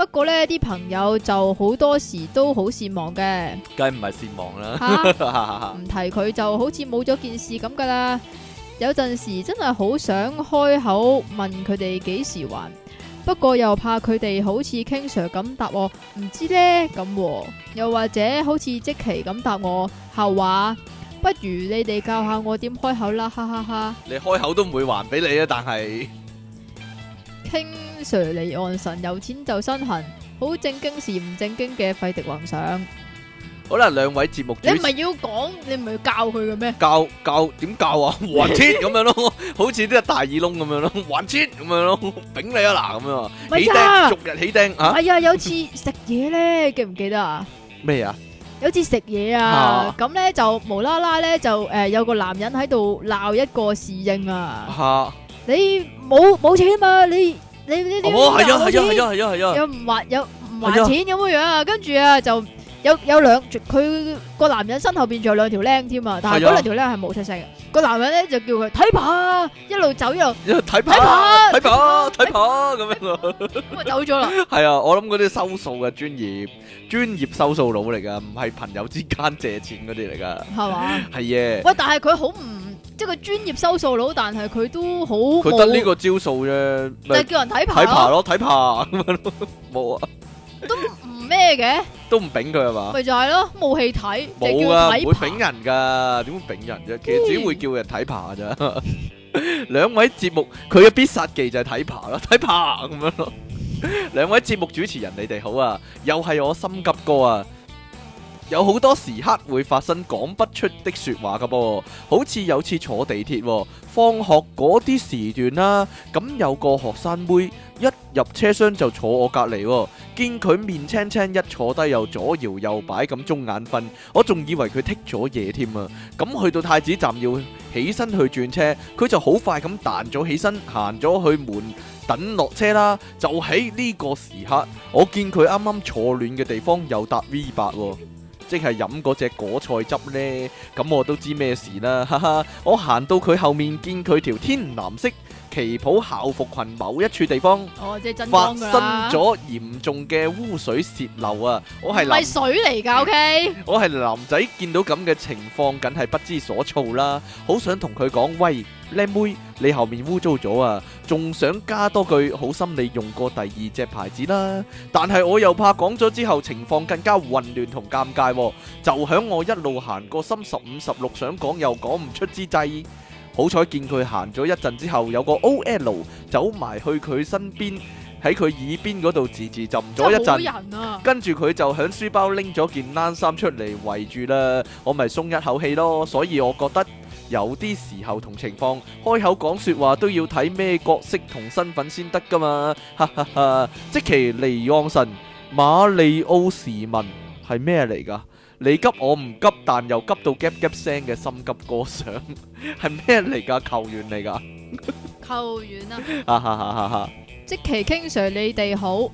不過呢啲朋友就好多時都好羨慕嘅，梗唔係羨慕啦，唔 [LAUGHS] 啊、提佢就好似冇咗件事咁噶啦。有陣時真係好想開口問佢哋幾時還，不過又怕佢哋好似傾 Sir 咁答我，唔知咧咁、啊，又或者好似即期咁答我後話、啊，不如你哋教下我點開口啦，哈哈哈！你開口都唔會還俾你啊，但係。聽 Sir 離岸神，有錢就身痕，好正經是唔正經嘅費迪幻想。好啦，兩位節目主持，你唔係要講，你唔係要教佢嘅咩？教教點教啊？還錢咁樣咯，好似啲大耳窿咁樣咯，還錢咁樣咯，頂你啊嗱咁樣。唔係啊，逐日起釘啊！係啊，有次食嘢咧，記唔記得啊？咩啊？有次食嘢啊，咁咧就無啦啦咧就誒有個男人喺度鬧一個侍應啊。你冇冇錢啊嘛？你你你你男人有有唔還有唔還錢咁樣樣，跟住啊就有有兩，佢個男人身後邊仲有兩條僆添啊，但係嗰兩條僆係冇出聲嘅。個男人咧就叫佢睇怕，一路走一路睇怕睇怕睇怕睇怕咁樣，咁啊走咗啦。係啊，我諗嗰啲收數嘅專業專業收數佬嚟噶，唔係朋友之間借錢嗰啲嚟噶，係嘛？係啊。喂，但係佢好唔～即係佢專業收數佬，但係佢都好，佢得呢個招數啫，就叫人睇扒睇扒咯，睇扒咁樣咯，冇啊，都唔咩嘅，都唔炳佢係嘛，咪就係咯，冇戲睇，冇啊，唔會炳人噶，點會炳人啫？其實只會叫人睇扒啫。兩位節目佢嘅必殺技就係睇扒咯，睇扒咁樣咯。兩位節目主持人，你哋好啊，又係我心急哥啊。有好多時刻會發生講不出的說話噶噃，好似有次坐地鐵放學嗰啲時段啦、啊，咁有個學生妹一入車廂就坐我隔籬，見佢面青青，一坐低又左搖右擺咁中眼瞓，我仲以為佢剔咗嘢添啊。咁去到太子站要起身去轉車，佢就好快咁彈咗起身行咗去門等落車啦。就喺呢個時刻，我見佢啱啱坐暖嘅地方又搭 V 八。即係飲嗰隻果菜汁呢，咁我都知咩事啦！哈哈，我行到佢後面見佢條天藍色旗袍校服裙某一處地方，哦、即發生咗嚴重嘅污水洩漏啊！我係男，係水嚟㗎，O K。Okay? 我係男仔，見到咁嘅情況，梗係不知所措啦，好想同佢講喂。靚妹，你後面污糟咗啊！仲想加多句，好心你用過第二隻牌子啦。但係我又怕講咗之後情況更加混亂同尷尬，啊，就響我一路行個心十五十六，15, 15, 16, 想講又講唔出之際，好彩見佢行咗一陣之後，有個 OL 走埋去佢身邊，喺佢耳邊嗰度字字浸咗一陣，啊、跟住佢就響書包拎咗件冷衫出嚟圍住啦，我咪鬆一口氣咯。所以我覺得。有啲時候同情況開口講說話都要睇咩角色同身份先得噶嘛。哈哈即其尼昂神馬利歐時問係咩嚟噶？你急我唔急，但又急到 gap gap 聲嘅心急哥上係咩嚟噶？球員嚟噶，球員啊！哈哈哈，哈！即其 King sir，你哋好，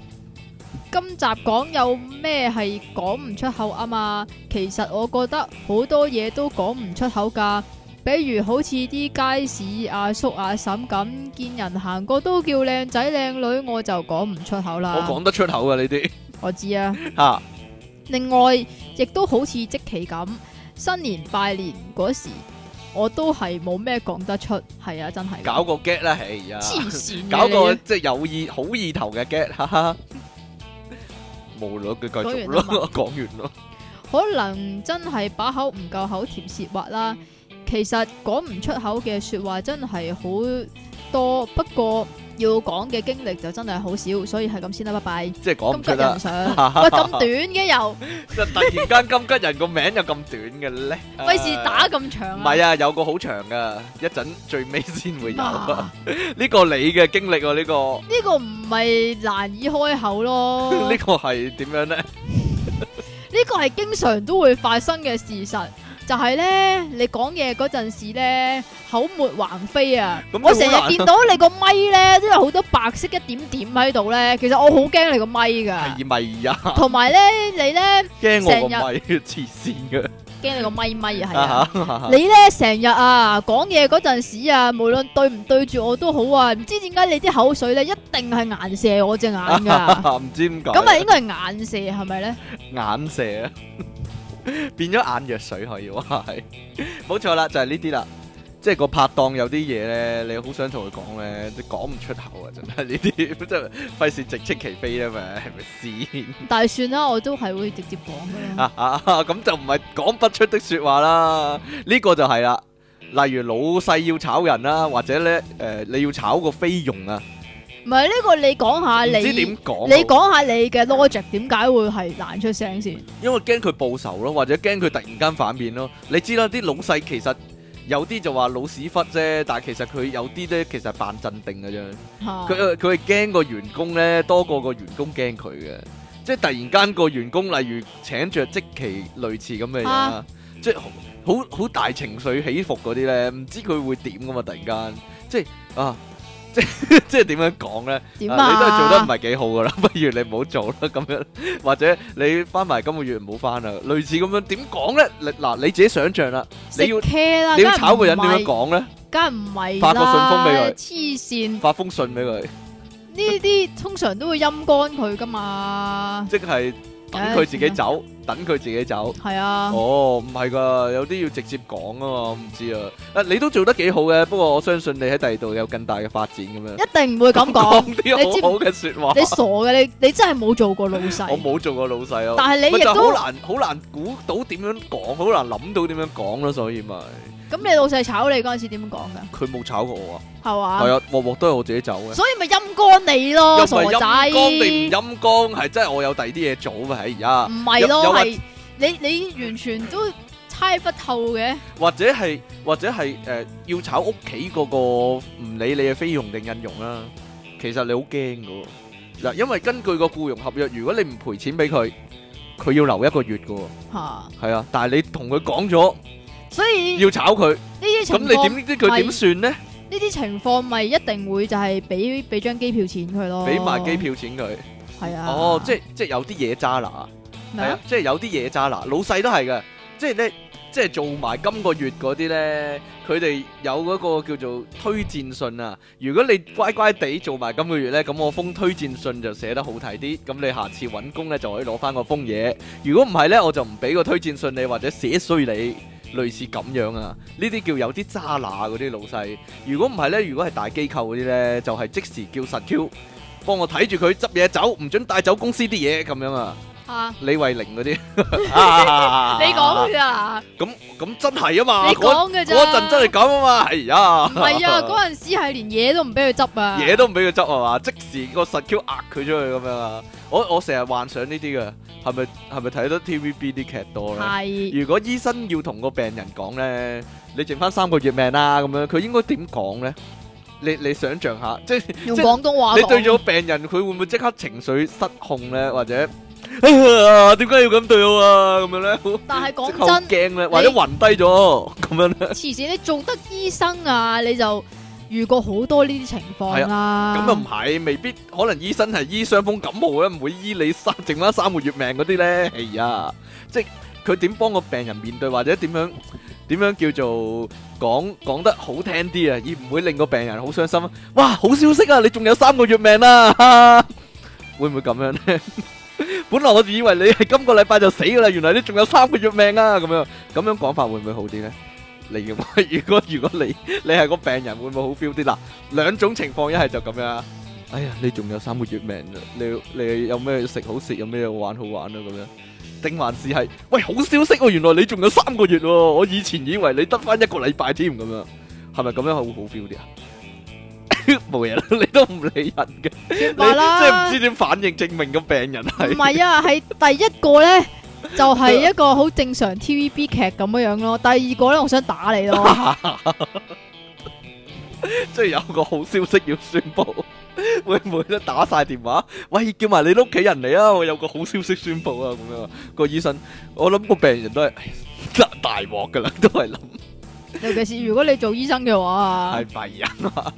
今集講有咩係講唔出口啊？嘛，其實我覺得好多嘢都講唔出口噶。比如好似啲街市阿、啊、叔阿嬸咁見人行過都叫靚仔靚女，我就講唔出口啦。我講得出口㗎呢啲， [LAUGHS] 我知啊。吓，另外亦都好似積淇咁，新年拜年嗰時，我都係冇咩講得出。係啊，真係搞個 get 啦，係啊，黐線、啊、搞個即有意好意頭嘅 get，哈哈，冇咗佢繼續咯，講完咯。 [LAUGHS] 了 [LAUGHS] 可能真係把口唔夠口甜舌滑啦。其實講唔出口嘅說話真係好多，不過要講嘅經歷就真係好少，所以係咁先啦，拜拜。即係講唔出啦。金吉人上，喂咁 [LAUGHS] 短嘅又， [LAUGHS] 突然間金吉人個名又咁短嘅咧，費事、 [LAUGHS] uh, 打咁長、啊。唔係啊，有個好長㗎，一陣最尾先會有。呢個你嘅經歷啊，呢 [LAUGHS] 個呢個唔係難以開口咯。 [LAUGHS] 個呢 [LAUGHS] 個係點樣咧？呢個係經常都會發生嘅事實。就係咧，你講嘢嗰陣時咧，口沫橫飛啊！啊我成日見到你個咪咧都有好多白色一點點喺度咧，其實我好驚你個咪噶。咪呀？啊？同埋咧，你咧成日驚我個咪黐線嘅。驚、啊、你個咪咪啊！係啊！ [LAUGHS] 你咧成日啊講嘢嗰陣時啊，無論對唔對住我都好啊！唔知點解你啲口水咧一定係眼射我隻眼噶。唔 [LAUGHS] 知點講。咁啊，應該係眼射係咪咧？是是呢眼射啊！ [LAUGHS] 變咗眼藥水可以喎，係冇錯啦，就係呢啲啦，即係個拍檔有啲嘢咧，你好想同佢講咧，都講唔出口啊，真係呢啲，即係費事直斥其非啊嘛，係咪先？但係算啦，我都係會直接講嘅、 [LAUGHS] 啊。啊咁就唔係講不出的說話啦，呢、這個就係啦，例如老細要炒人啦、啊，或者咧誒、呃，你要炒個菲傭啊。唔係呢個，你講下你，你講下你嘅 logic 點解會係難出聲先？因為驚佢報仇咯，或者驚佢突然間反面咯。你知啦，啲老細其實有啲就話老屎忽啫，但係其實佢有啲咧，其實扮鎮定㗎啫。佢佢係驚個員工咧多過個員工驚佢嘅，即係突然間個員工例如請著即期類似咁嘅嘢，啊、即係好好大情緒起伏嗰啲咧，唔知佢會點噶嘛？突然間，即係啊！即即係點樣講咧？你都係做得唔係幾好噶啦，不如你唔好做啦，咁樣，或者你翻，埋今個月唔好翻啦。類似咁樣，點講咧？嗱，你自己想象啦。你要，你要炒個人點樣講咧？梗係唔係啦。發個信封俾佢。黐線。發封信俾佢。呢啲通常都會陰乾佢噶嘛。即係。等佢自己走，等佢自己走，係啊，哦，唔係噶，有啲要直接講啊嘛，唔知啊，誒、啊啊，你都做得幾好嘅，不過我相信你喺第二度有更大嘅發展咁樣，一定唔會咁講，你知唔好嘅說話，你，你傻嘅，你你真係冇做過老細， [LAUGHS] 我冇做過老細啊， [LAUGHS] 但係是你亦都好難好 [LAUGHS] 難估到點樣講，好難諗到點樣講咯、啊，所以咪、就是。咁、嗯、你老細炒你嗰陣時點講噶？佢冇炒過我啊，係嘛吧？係啊，鑊鑊都係我自己走嘅。所以咪陰乾你咯，傻仔。陰乾定唔陰乾，係真係我有第二啲嘢做啊！喺而家唔係咯，係你你完全都猜不透嘅 [LAUGHS] 。或者係，或者係，誒，要炒屋企嗰個唔理你嘅菲傭定印傭啦。其實你好驚噶嗱，因為根據個雇傭合約，如果你唔賠錢俾佢，佢要留一個月噶。吓係啊，啊，但係你同佢講咗。所以要炒佢呢啲情況，咁你點知佢點算呢？呢啲情況咪一定會就係俾俾張機票錢佢咯，俾埋機票錢佢係啊。哦，即係即係有啲嘢渣拿，係啊，即係有啲嘢渣拿。老細都係嘅，即係咧，即係做埋今個月嗰啲咧，佢哋有嗰個叫做推薦信啊。如果你乖乖地做埋今個月咧，咁我封推薦信就寫得好睇啲。咁你下次搵工咧就可以攞翻個封嘢。如果唔係咧，我就唔俾個推薦信你，或者寫衰你。類似咁樣啊，呢啲叫有啲渣拿嗰啲老細。如果唔係呢，如果係大機構嗰啲呢，就係即時叫實 Q 幫我睇住佢執嘢走，唔准帶走公司啲嘢咁樣啊。啊、李慧玲嗰啲，你講佢啊？咁咁 [LAUGHS] 真係啊嘛？你嗰嗰陣真係咁啊嘛，係、哎、啊，係啊，嗰陣時係連嘢都唔俾佢執啊，嘢都唔俾佢執係嘛？即時個實 Q 壓佢出去咁樣啊！我我成日幻想是是是是呢啲嘅，係咪係咪睇多 TVB 啲劇多咧？係如果醫生要同個病人講咧，你剩翻三個月命啦，咁樣佢應該點講咧？你你想象下，即係用廣東話，你對咗病人，佢會唔會即刻情緒失控咧？或者？點解、哎、要咁對我啊？咁樣咧，但係講真驚咧，你或者暈低咗咁樣咧。遲 [LAUGHS] 啲你做得醫生啊，你就遇過好多呢啲情況啦。咁、啊、又唔係，未必可能醫生係醫傷風感冒啊，唔會醫你三，剩翻三個月命嗰啲咧。係、哎、啊，即係佢點幫個病人面對，或者點樣點樣叫做講講得好聽啲啊，而唔會令個病人好傷心。啊。哇，好消息啊，你仲有三個月命啊， [LAUGHS] 會唔會咁樣咧？ [LAUGHS] 本來我仲以為你係今個禮拜就死㗎喇，原來你仲有三個月命啊！咁樣咁樣講法會唔會好啲呢？你如果如果如果你你係個病人，會唔會好 feel 啲啦？兩種情況一係就咁樣，哎呀，你仲有三個月命，啊，你你有咩食好食，有咩玩好玩啊？咁樣，定還是係喂，好消息，啊，原來你仲有三個月，啊，我以前以為你得返一個禮拜添，咁樣係咪咁樣會好 feel 啲啊？冇嘢啦，你都唔理人嘅。你即係唔知點反應，證明個病人係唔係啊？係第一個咧，就係一個好正常 TVB 劇咁樣樣咯。第二個咧，我想打你咯。即係有個好消息要宣布，喂，會唔會打晒電話，喂，叫埋你屋企人嚟啊！我有個好消息宣布啊，咁樣啊，個醫生，我諗個病人都係砸大鑊噶啦，都係諗。尤其是如果你做醫生嘅話，係弊人啊。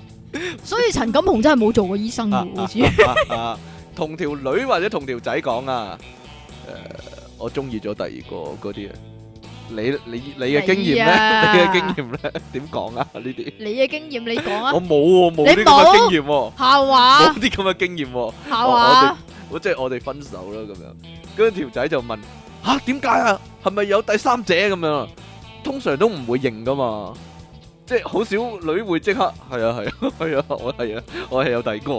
所以陳錦鴻真係冇做過醫生嘅，好似。啊，同條女或者同條仔講啊，誒，我中意咗第二個嗰啲啊，你你你嘅經驗咧，你嘅經驗咧，點講啊？呢啲你嘅經驗，你講啊？我冇喎，冇呢啲咁嘅經驗喎，下話冇啲咁嘅經驗喎，下話，我即係我哋分手啦咁樣。跟住條仔就問：吓點解啊？係咪有第三者咁樣？通常都唔會認噶嘛。即係好少女會即刻係啊係啊係啊我係啊我係有第二個，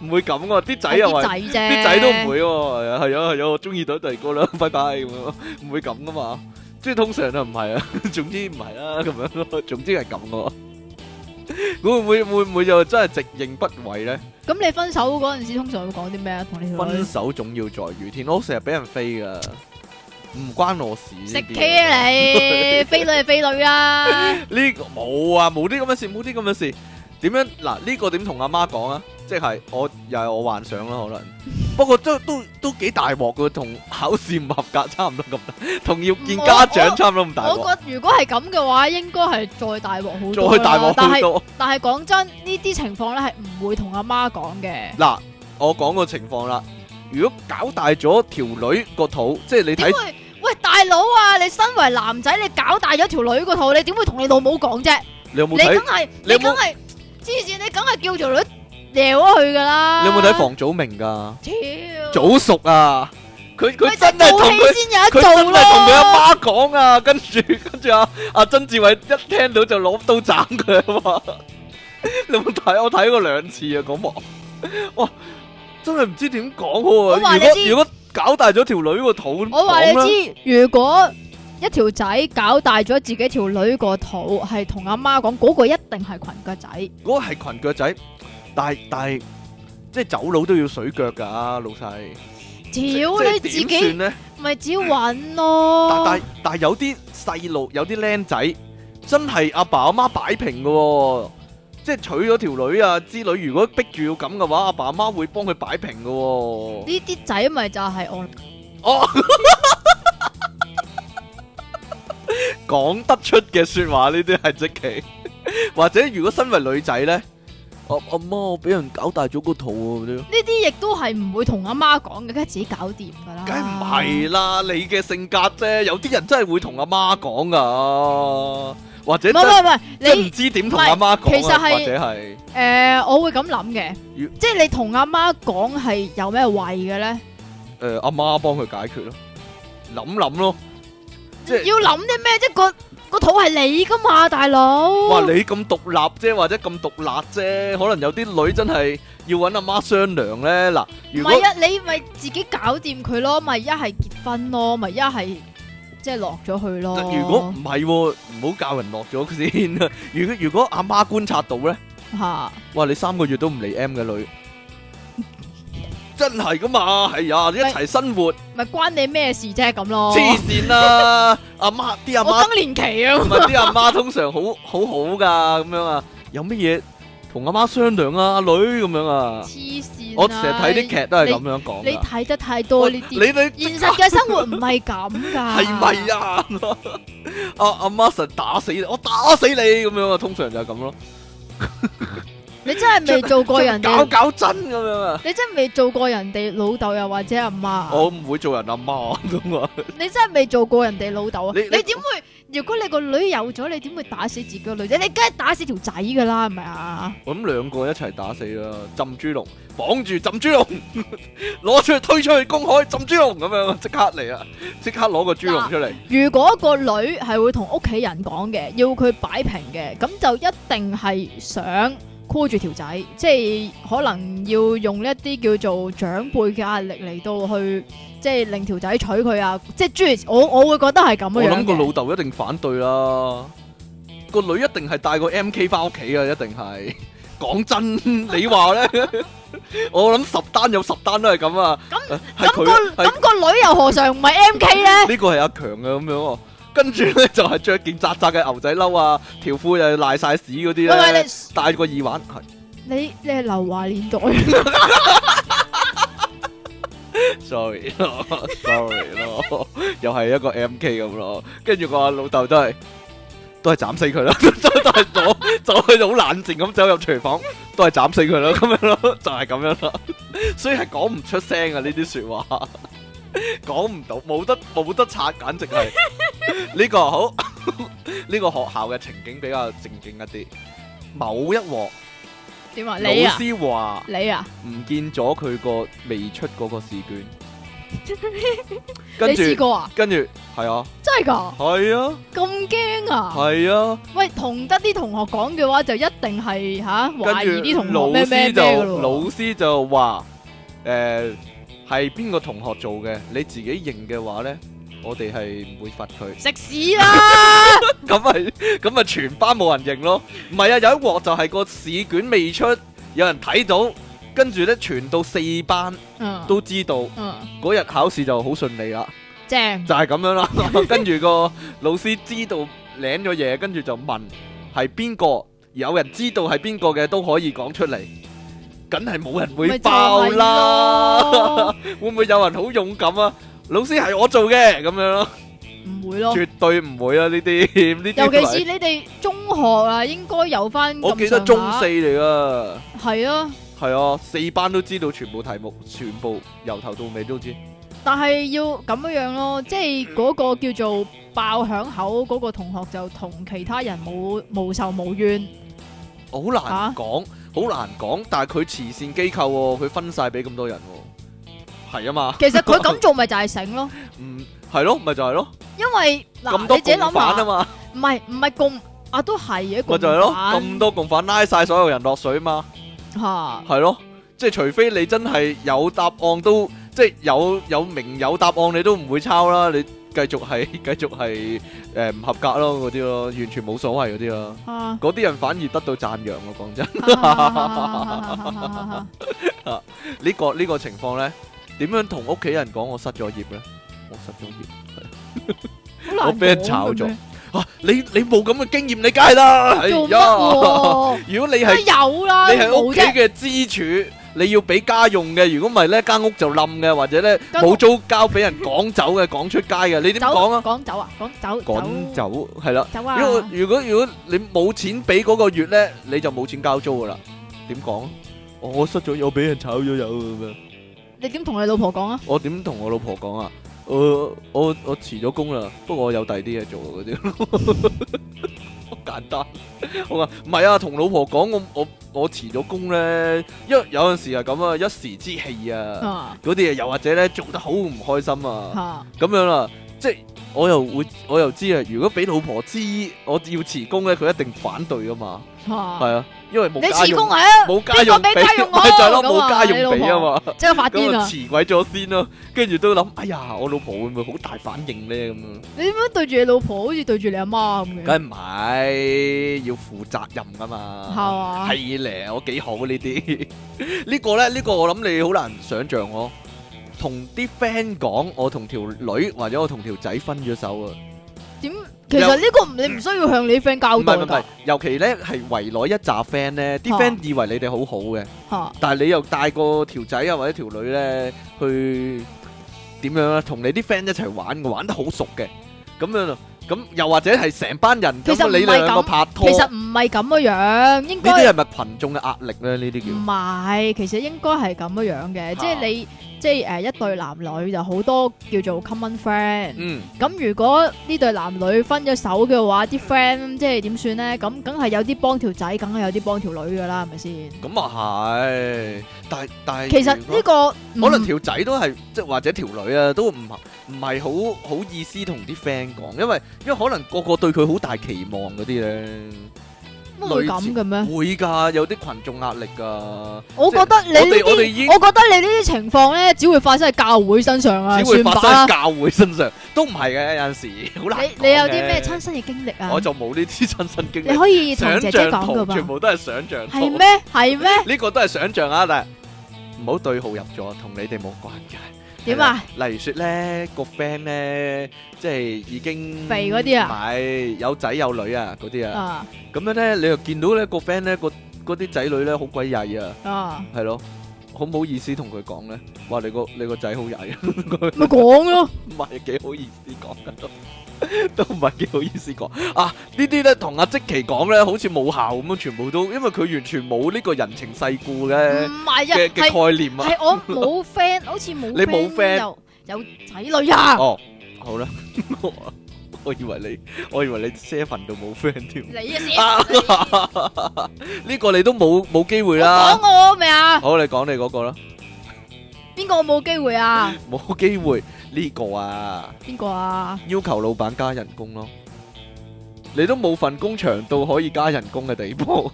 唔會咁噶。啲仔又話，啲仔啫，啲仔都唔會係啊係啊，我中意到第二個啦，拜拜咁樣唔會咁噶嘛，即係通常都唔係啊，總之唔係啊咁樣咯，總之係咁咯。會唔會會唔會就真係直認不諱咧？咁你分手嗰陣時通常會講啲咩啊？同你分手總要在雨天，我成日俾人飛噶。唔關我事。食 K 啊你，飛 [LAUGHS] 女係飛女啊！呢 [LAUGHS] 個冇啊，冇啲咁嘅事，冇啲咁嘅事。點樣嗱？呢、這個點同阿媽講啊？即係我又係我幻想啦，可能。 [LAUGHS] 不過都都都幾大鑊噶，同考試唔合格差唔多咁大，同要見家長差唔多咁大鑊。我覺得如果係咁嘅話，應該係再大鑊好多。再大鑊好多。但係是講 [LAUGHS] 真，呢啲情況咧係唔會同阿媽講嘅。嗱，我講個情況啦。如果搞大咗條女個肚，即係你睇什。喂，大佬啊！你身為男仔，你搞大咗條女個肚，你點會同你老母講啫？你有冇睇？你梗係，你梗係，黐線你梗係叫條女撩咗佢噶啦？你有冇睇房祖明噶？屌，早熟啊！佢佢真係同佢，佢真係同佢阿媽講啊！跟住跟住阿阿曾志偉一聽到就攞刀斬佢啊嘛！你有冇睇？我睇過兩次啊，嗰幕哇，真係唔知點講好！如果如果。搞大咗條女個肚，我話你知，吧如果一條仔搞大咗自己條女個肚，係同阿媽講，嗰個一定係裙腳仔。嗰個係裙腳仔，但係但係即係走佬都要水腳噶，老細。屌，你自己，咪只揾咯。但係但係有啲細路，有啲僆仔，真係阿爸阿媽擺平噶。即係娶咗條女啊之類，如果逼住要咁嘅話，阿爸阿媽會幫佢擺平嘅。呢啲仔咪就係我哦，講、哦、 [LAUGHS] 得出嘅說話呢啲係即奇，奇。 [LAUGHS] 或者如果身為女仔咧，阿阿媽我俾人搞大咗個肚啊！呢啲亦都係唔會同阿媽講嘅，梗係自己搞掂噶啦。梗係唔係啦，你嘅性格啫。有啲人真係會同阿媽講噶。或者即係唔知點同阿媽講啊，或者係誒，我會咁諗嘅，即係你同阿媽講係有咩為嘅咧？誒，阿媽幫佢解決咯，諗諗咯，即係要諗啲咩？即係個個肚係你噶嘛，大佬？哇，你咁獨立啫，或者咁獨立啫，可能有啲女真係要搵阿媽商量咧。嗱，如果唔係啊，你咪自己搞掂佢咯，咪一係結婚咯，咪一係。即係落咗去咯。如果唔係，唔好教人落咗先。如果如果阿媽觀察到咧，吓！哇！你三個月都唔嚟 M 嘅女，真係㗎嘛？係啊，一齊生活咪關你咩事啫咁咯。黐線啦！阿媽啲阿媽，我更年期啊。唔係啲阿媽通常好好好㗎咁樣啊，有乜嘢？同阿媽，媽商量啊，阿女咁樣啊，黐線！我成日睇啲劇都係咁樣講。你睇得太多呢啲，你現實嘅生活唔係咁㗎。係咪 [LAUGHS] 是啊？阿 [LAUGHS] 阿、啊、媽實打死我，打死你咁樣啊！通常就係咁咯。 [LAUGHS] 你真係未做過人 [LAUGHS] 搞搞真咁樣啊！你真係未做過人哋老豆又或者阿媽，媽。我唔會做人阿媽，媽啊 [LAUGHS] 你真係未做過人哋老豆啊？你點會？如果你個女有咗，你點會打死自己個女仔？你梗係打死條仔噶啦，係咪啊？咁兩個一齊打死啦！浸豬籠，綁住浸豬籠，攞 [LAUGHS] 出去推出去公開浸豬籠咁樣，即刻嚟啊！即刻攞個豬籠出嚟。如果個女係會同屋企人講嘅，要佢擺平嘅，咁就一定係想箍住條仔，即係可能要用一啲叫做長輩嘅壓力嚟到去。即係令條仔娶佢啊！即係專，我我會覺得係咁樣。我諗個老豆一定反對啦，個女一定係帶個 MK 翻屋企啊！一定係。講真，你話咧？我諗十單有十單都係咁啊！咁咁個咁個女又何嘗唔係 MK 咧？呢個係阿強嘅咁樣，跟住咧就係着件窄窄嘅牛仔褸啊，條褲又瀨晒屎嗰啲咧，帶個耳環係。你你係劉華年代。Sorry 咯，sorry 咯，又係一個 MK 咁咯，跟住我老豆都係都係斬死佢啦，都係做就佢好 [LAUGHS] 冷靜咁走入廚房，都係斬死佢啦，咁樣咯，就係、是、咁樣咯，所以係講唔出聲啊呢啲說話，講唔到，冇得冇得拆，簡直係呢、呢個好呢 [LAUGHS] 個學校嘅情景比較正經一啲，某一鑊。點啊？老師話你啊，唔師、啊、見咗佢個未出嗰個試卷。 [LAUGHS] 跟著 你試過啊？跟住係啊，啊，真係噶？係啊，咁驚是啊？係啊，喂，同得啲同學講嘅話就一定係吓懷疑啲同學咩咩咩咯。老師就話：誒、啊，係邊個同學做嘅？你自己認嘅話咧？我哋係唔會罰佢食屎啦！咁咪咁咪全班冇人認咯？唔係啊，有一鑊就係個試卷未出，有人睇到，跟住咧傳到四班，都知道，嗰日、嗯嗯、考試就好順利啦，正就係咁樣啦。跟 [LAUGHS] 住個老師知道領咗嘢，跟住就問係邊個，有人知道係邊個嘅都可以講出嚟，梗係冇人會爆啦。 [LAUGHS] 會唔會有人好勇敢啊？老師係我做嘅咁樣咯，唔會咯，絕對唔會啊！呢啲呢啲尤其是你哋中學啊，應該有翻咁上下。我記得中四嚟噶，係啊，係啊，四班都知道全部題目，全部由頭到尾都知。但係要咁樣樣咯，即係嗰個叫做爆響口嗰個同學就同其他人冇無仇無怨，好難講，好難講。但係佢慈善機構喎，佢分晒俾咁多人喎。係啊嘛，其實佢咁做咪就係醒咯，嗯，係咯，咪就係咯，因為咁多共犯啊嘛，唔係唔係共啊都係嘅，咪就係咯，咁多共犯拉晒所有人落水啊嘛，吓，係咯，即係除非你真係有答案都，即係有有名有答案你都唔會抄啦，你繼續係繼續係誒唔合格咯嗰啲咯，完全冇所謂嗰啲咯，嗰啲人反而得到讚揚啊，我講真，呢個呢個情況咧。點樣同屋企人講我失咗業咧？我失咗業，係好難。我俾人炒咗。哇！你你冇咁嘅經驗，你梗係啦。做乜？如果你係你係屋企嘅支柱，你要俾家用嘅。如果唔係咧，間屋就冧嘅，或者咧冇租交俾人趕走嘅，趕出街嘅。你點講啊？趕走啊？趕走？趕走係啦。走啊！因為如果如果你冇錢俾嗰個月咧，你就冇錢交租噶啦。點講？我失咗業，我俾人炒咗有咁啊！你點同你老婆講啊？我點同我老婆講啊？呃、我我我辭咗工啦！不過我有第二啲嘢做嗰啲， [LAUGHS] 好簡單好 [LAUGHS] 啊！唔係啊，同老婆講我我我辭咗工咧，因為有陣時係咁啊，一時之氣啊，嗰啲嘢又或者咧做得好唔開心啊，咁、啊、樣啊，即係。我又會，我又知啊！如果俾老婆知我要辭工咧，佢一定反對噶嘛。係啊，因為冇家用、啊、你辭工啊，冇家用俾家用，我再諗冇家用俾啊嘛。即係發癲啊！辭鬼咗先咯，跟住都諗，哎呀，我老婆會唔會好大反應咧？咁樣，你點樣對住你老婆，好似對住你阿媽咁樣？梗係唔係，要負責任噶嘛。係啊嗎，係咧，我幾好 [LAUGHS] 呢啲呢、呢個咧？呢、呢個我諗你好難想象咯。同啲 friend 講，我同條女或者我同條仔分咗手啊？點？其實呢個又你唔需要向你 friend 交代、嗯。尤其呢係圍內一紮 friend 咧，啲 friend、啊、以為你哋好好嘅，啊、但係你又帶個條仔啊或者條女呢，去點樣咧？同你啲 friend 一齊玩，玩得好熟嘅，咁樣。咁又或者係成班人，其實你兩個拍拖，其實唔係咁嘅樣，應該啲係咪群眾嘅壓力咧？呢啲叫唔係，其實應該係咁嘅樣嘅哈，即係你即係誒一對男女就好多叫做 common friend。嗯，咁如果呢對男女分咗手嘅話，啲 friend 即係點算咧？咁梗係有啲幫條仔，梗係有啲幫條女嘅啦，係咪先？咁啊係，但但其實呢個可能條仔都係即係或者條女啊都唔合。唔係好好意思同啲 friend 講，因為因為可能個個對佢好大期望嗰啲咧，樣會咁嘅咩？會噶，有啲群眾壓力噶。我覺得你我覺得你況呢啲情況咧，只會發生喺教會身上啊，只會發生喺教會身上，啊、都唔係嘅，有陣時好你 [LAUGHS] 難你。你有啲咩親身嘅經歷啊？我就冇呢啲親身經歷。你可以同姐姐講噶吧？全部都係想象，係咩？係咩？呢 [LAUGHS] 個都係想象啊！但係唔好對號入座，同你哋冇關嘅。點啊？例如説咧，個 friend 咧，即係已經肥嗰啲啊，係有仔有女啊嗰啲啊，咁、啊、樣咧，你又見到咧、個 friend 咧、個嗰啲仔女咧好鬼曳啊，係咯、啊，好唔好意思同佢講咧？哇！你個你個仔好曳，啊。咪講咯，唔係幾好意思講。都唔係幾好意思講啊！呢啲咧同阿積淇講咧，好似冇效咁樣！全部都因為佢完全冇呢個人情世故咧嘅嘅概念啊！係我冇 friend，好似冇你冇 friend，有仔女呀？哦，好啦，我我以為你，我以為你 seven 到冇 friend 添，你啊！呢個你都冇冇機會啦！講我未啊？好，你講你嗰個啦。邊個冇機會啊？冇機會呢個啊？邊個啊？要求老闆加人工咯？你都冇份工場到可以加人工嘅地步，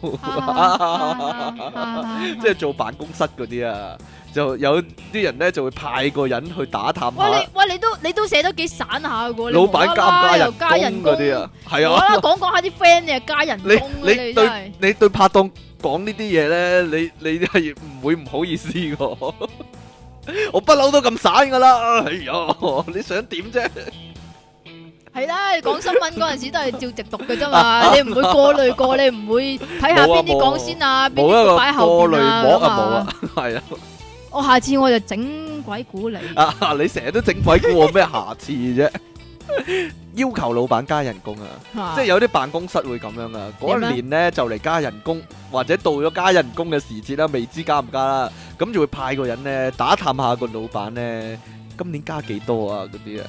即係做辦公室嗰啲啊，就有啲人咧就會派個人去打探。喂，你，喂，你都你都寫得幾散下喎？老闆加唔加人工嗰啲啊？係啊，講講下啲 friend 你又加人工，你對你對拍檔講呢啲嘢咧，你你係唔會唔好意思個？我不嬲都咁散噶啦，哎呀，你想點啫？係啦，講新聞嗰陣時都係照直讀嘅啫嘛， [LAUGHS] 你唔會過濾過，你唔會睇下邊啲講先啊？邊啲擺後邊啊？冇啊，啊啊過濾網啊冇麼啊，係啊！我下次我就整鬼古嚟啊！ [LAUGHS] 你成日都整鬼古我咩下次啫？ [LAUGHS] 要求老闆加人工啊，即係有啲辦公室會咁樣啊。嗰一年咧就嚟加人工，或者到咗加人工嘅時節啦，未知加唔加啦。咁就會派個人咧打探下個老闆咧今年加幾多啊？嗰啲啊，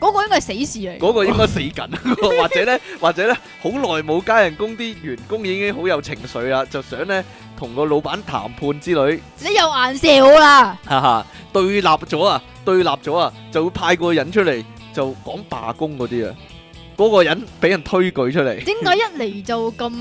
嗰個應該係死事嚟，嗰個應該死緊，或者咧，或者咧好耐冇加人工，啲員工已經好有情緒啦，就想咧同個老闆談判之類。你有顏射好啦，哈哈，對立咗啊，對立咗啊，就會派個人出嚟。就講罷工嗰啲啊，嗰、嗰個人俾人推舉出嚟，點解一嚟就咁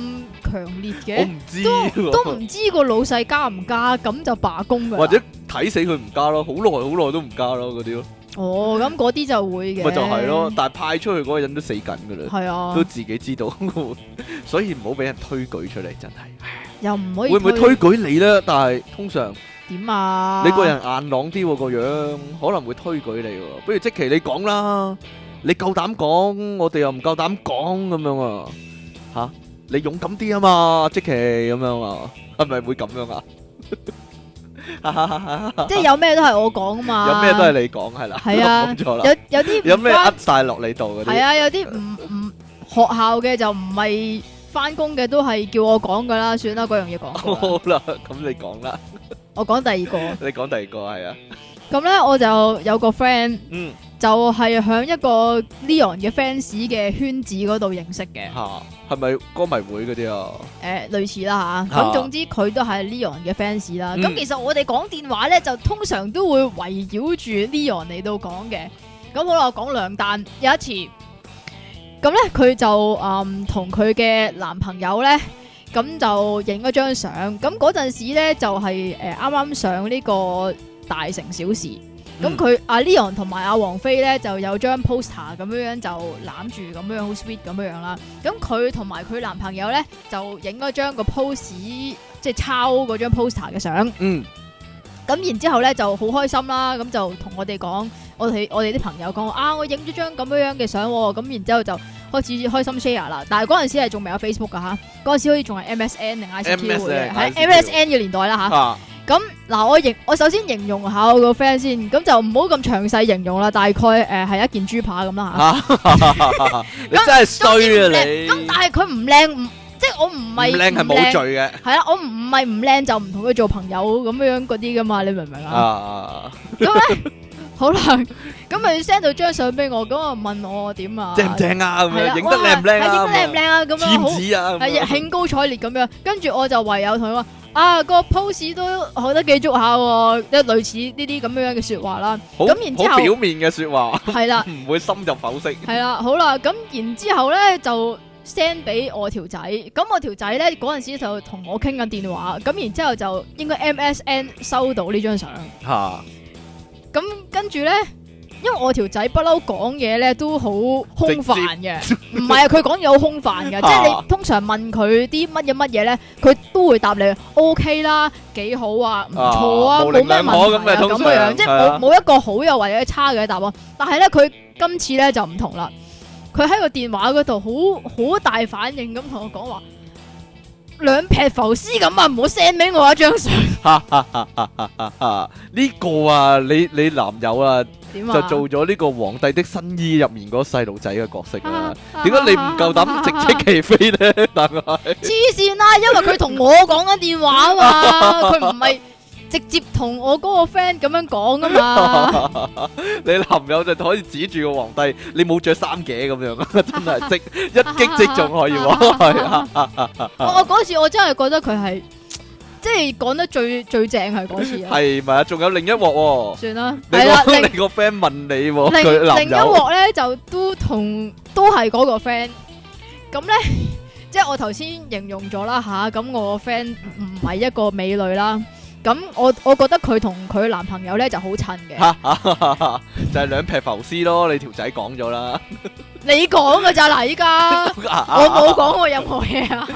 強烈嘅？ [LAUGHS] 我唔知，都都唔知個老細加唔加，咁就罷工噶。或者睇死佢唔加咯，好耐好耐都唔加咯，嗰啲咯。哦，咁嗰啲就會嘅。咪就係咯，但係派出去嗰個人都死緊噶啦，係啊，都自己知道， [LAUGHS] 所以唔好俾人推舉出嚟，真係又唔可以會唔會推舉你咧？ [LAUGHS] 但係通常。點啊！你個人硬朗啲個樣，可能會推舉你。不如即期你講啦，你夠膽講，我哋又唔夠膽講咁樣啊？吓，你勇敢啲啊嘛，即期咁樣啊？係咪會咁樣啊？即係有咩都係我講啊嘛？有咩都係你講係啦，係啊，唔錯啦。有有啲有咩噏晒落你度嗰啲，係啊，有啲唔唔學校嘅就唔係返工嘅都係叫我講㗎啦，算啦，嗰樣嘢講好啦，咁你講啦。我講第， [LAUGHS] 第二個，你講第二個係啊呢，咁咧我就有個 friend，、嗯、就係響一個 Leon 嘅 fans 嘅圈子嗰度認識嘅，係咪歌迷會嗰啲啊？誒、呃，類似啦吓，咁、啊、哈 總之佢都係 Leon 嘅 fans 啦。咁、嗯、其實我哋講電話咧，就通常都會圍繞住 Leon 嚟到講嘅。咁好啦，我講兩單，有一次，咁咧佢就嗯同佢嘅男朋友咧。咁就影咗張相，咁嗰陣時咧就係誒啱啱上呢個大城小事，咁佢阿 Leon 同埋阿王菲咧就有張 poster 咁樣樣就攬住咁樣好 sweet 咁樣樣啦，咁佢同埋佢男朋友咧就影咗張個 post 即係抄嗰張 poster 嘅相，嗯，咁然之後咧就好開心啦，咁就同我哋講，我哋我哋啲朋友講啊，我影咗張咁樣樣嘅相，咁然之後就。開始開心 share 啦，但係嗰陣時係仲未有 Facebook 噶吓，嗰陣時好似仲係 MSN 定 ICQ 嘅喺 MSN 嘅年代啦吓。咁嗱、啊啊，我形我首先形容下我個 friend 先，咁就唔好咁詳細形容啦，大概誒係、呃、一件豬扒咁啦吓。啊啊、 [LAUGHS] 你真係衰啊你！咁但係佢唔靚，即係我唔係唔靚係冇罪嘅。係啦，我唔係唔靚就唔同佢做朋友咁樣嗰啲噶嘛，你明唔明啊,啊呢？咁呢。好啦，咁咪 send 到張相俾我，咁我問我點啊？正唔正啊？影得靚唔靚啊？影得靚唔靚啊？咁樣好，係啊，興高采烈咁樣，跟住我就唯有同佢話啊個 pose 都學得幾足下，即係類似呢啲咁樣嘅說話啦。好，好表面嘅說話，係啦，唔會深入剖析。係啦，好啦，咁然之後咧就 send 俾我條仔，咁我條仔咧嗰陣時就同我傾緊電話，咁然之後就應該 MSN 收到呢張相。吓。咁、嗯、跟住咧，因為我條仔直接 不嬲講嘢咧都好空泛嘅。唔係啊，佢講嘢好空泛嘅，啊、即係你通常問佢啲乜嘢乜嘢咧，佢都會答你 OK 啦，幾好啊，唔錯啊，啊，冇咩問題咁樣，即係冇冇一個好又或者差嘅答案。但係咧，佢今次咧就唔同啦，佢喺個電話嗰度好好大反應咁同我講話。兩撇浮絲咁啊！唔好 send 俾我一張相。吓，呢個啊，你你男友啊，啊就做咗呢個皇帝的新衣入面嗰細路仔嘅角色啦、啊。點解 [LAUGHS] 你唔夠膽直斥其非呢？等下，黐線啦，因為佢同我講緊電話啊嘛，佢唔係，直接同我嗰個 friend 咁樣講㗎嘛！ [LAUGHS] 你男友就可以指住個皇帝，你冇着衫嘅咁樣真係 [LAUGHS] 即一擊即中可以喎。我嗰次我真係覺得佢係即係講得最最正係嗰次。係咪？ [LAUGHS] 仲有另一鑊、啊？ [LAUGHS] 算啦了，係啦，你個 friend 另 [LAUGHS] 問你、啊，另，男另一鑊咧就都同都係嗰個 friend。咁咧，即、就、係、是、我頭先形容咗啦吓。咁、啊、我個 friend 唔係一個美女啦。咁我我覺得佢同佢男朋友咧就好襯嘅，就係兩撇浮絲咯，你條仔講咗啦， [LAUGHS] 你講噶咋嗱？依家 [LAUGHS] 我冇講過任何嘢啊。 [LAUGHS]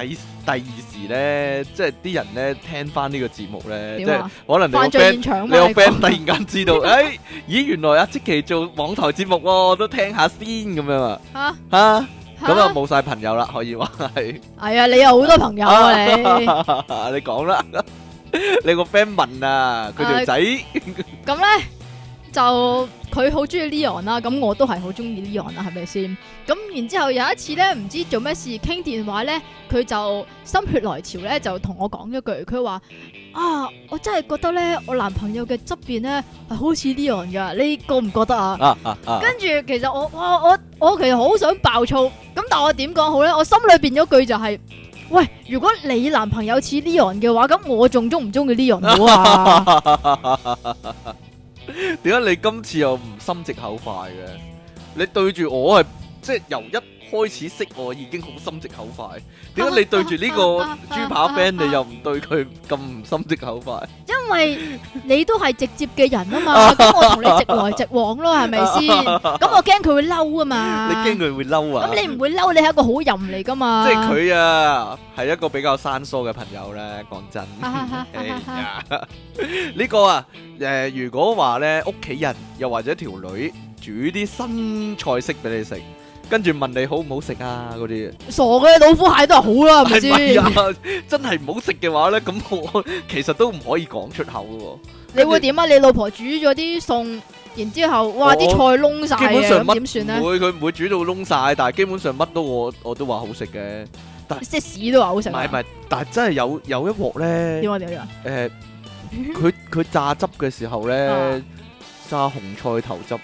第第二時咧，即係啲人咧聽翻呢個節目咧，啊、即係可能你有 f r i e 你有 friend 突然間知道， [LAUGHS] 哎，咦，原來阿積淇做網台節目喎、哦，都聽下先咁樣啊，吓吓、啊。咁啊，冇晒哈朋友啦，可以話係。係啊，你有好多朋友啊，啊你。 [LAUGHS] 你講啦，你個 friend 問啊，佢條仔。咁咧。 [LAUGHS] 就佢好中意 Leon 啦、啊，咁我都係好中意 Leon 啦、啊，係咪先？咁然之後有一次咧，唔知做咩事傾電話咧，佢就心血來潮咧，就同我講一句，佢話啊，我真係覺得咧，我男朋友嘅側邊咧係好似 Leon 噶，你覺唔覺得啊？啊啊啊！跟住其實我我我我其實好想爆粗，咁但係我點講好咧？我心裏邊嗰句就係、是、喂，如果你男朋友似 Leon 嘅話，咁我仲中唔中意 Leon 好啊？啊啊啊啊啊啊啊點解你今次又唔心直口快嘅？你對住我係即係由一開始識我已經好心直口快，點解你對住呢個豬扒 friend，你又唔對佢咁心直口快？因為你都係直接嘅人啊嘛，咁我同你直來直往咯，係咪先？咁我驚佢會嬲啊嘛！你驚佢會嬲啊？咁你唔會嬲，你係一個好人嚟噶嘛？即係佢啊，係一個比較生疏嘅朋友咧。講真，哎呀，呢個啊，誒，如果話咧，屋企人又或者條女煮啲新菜式俾你食。跟住問你好唔好食啊？嗰啲傻嘅，老虎蟹都係好啦，唔知真係唔好食嘅話咧，咁我其實都唔可以講出口嘅喎。你會點啊？你老婆煮咗啲餸，然之後哇啲菜燶曬嘅，咁點算咧？會佢唔會煮到燶晒，但係基本上乜都我我都話好食嘅，但即屎都話好食。唔係唔係但係真係有有一鑊咧。點啊點啊，誒，佢佢榨汁嘅時候咧。炸紅菜頭汁啊！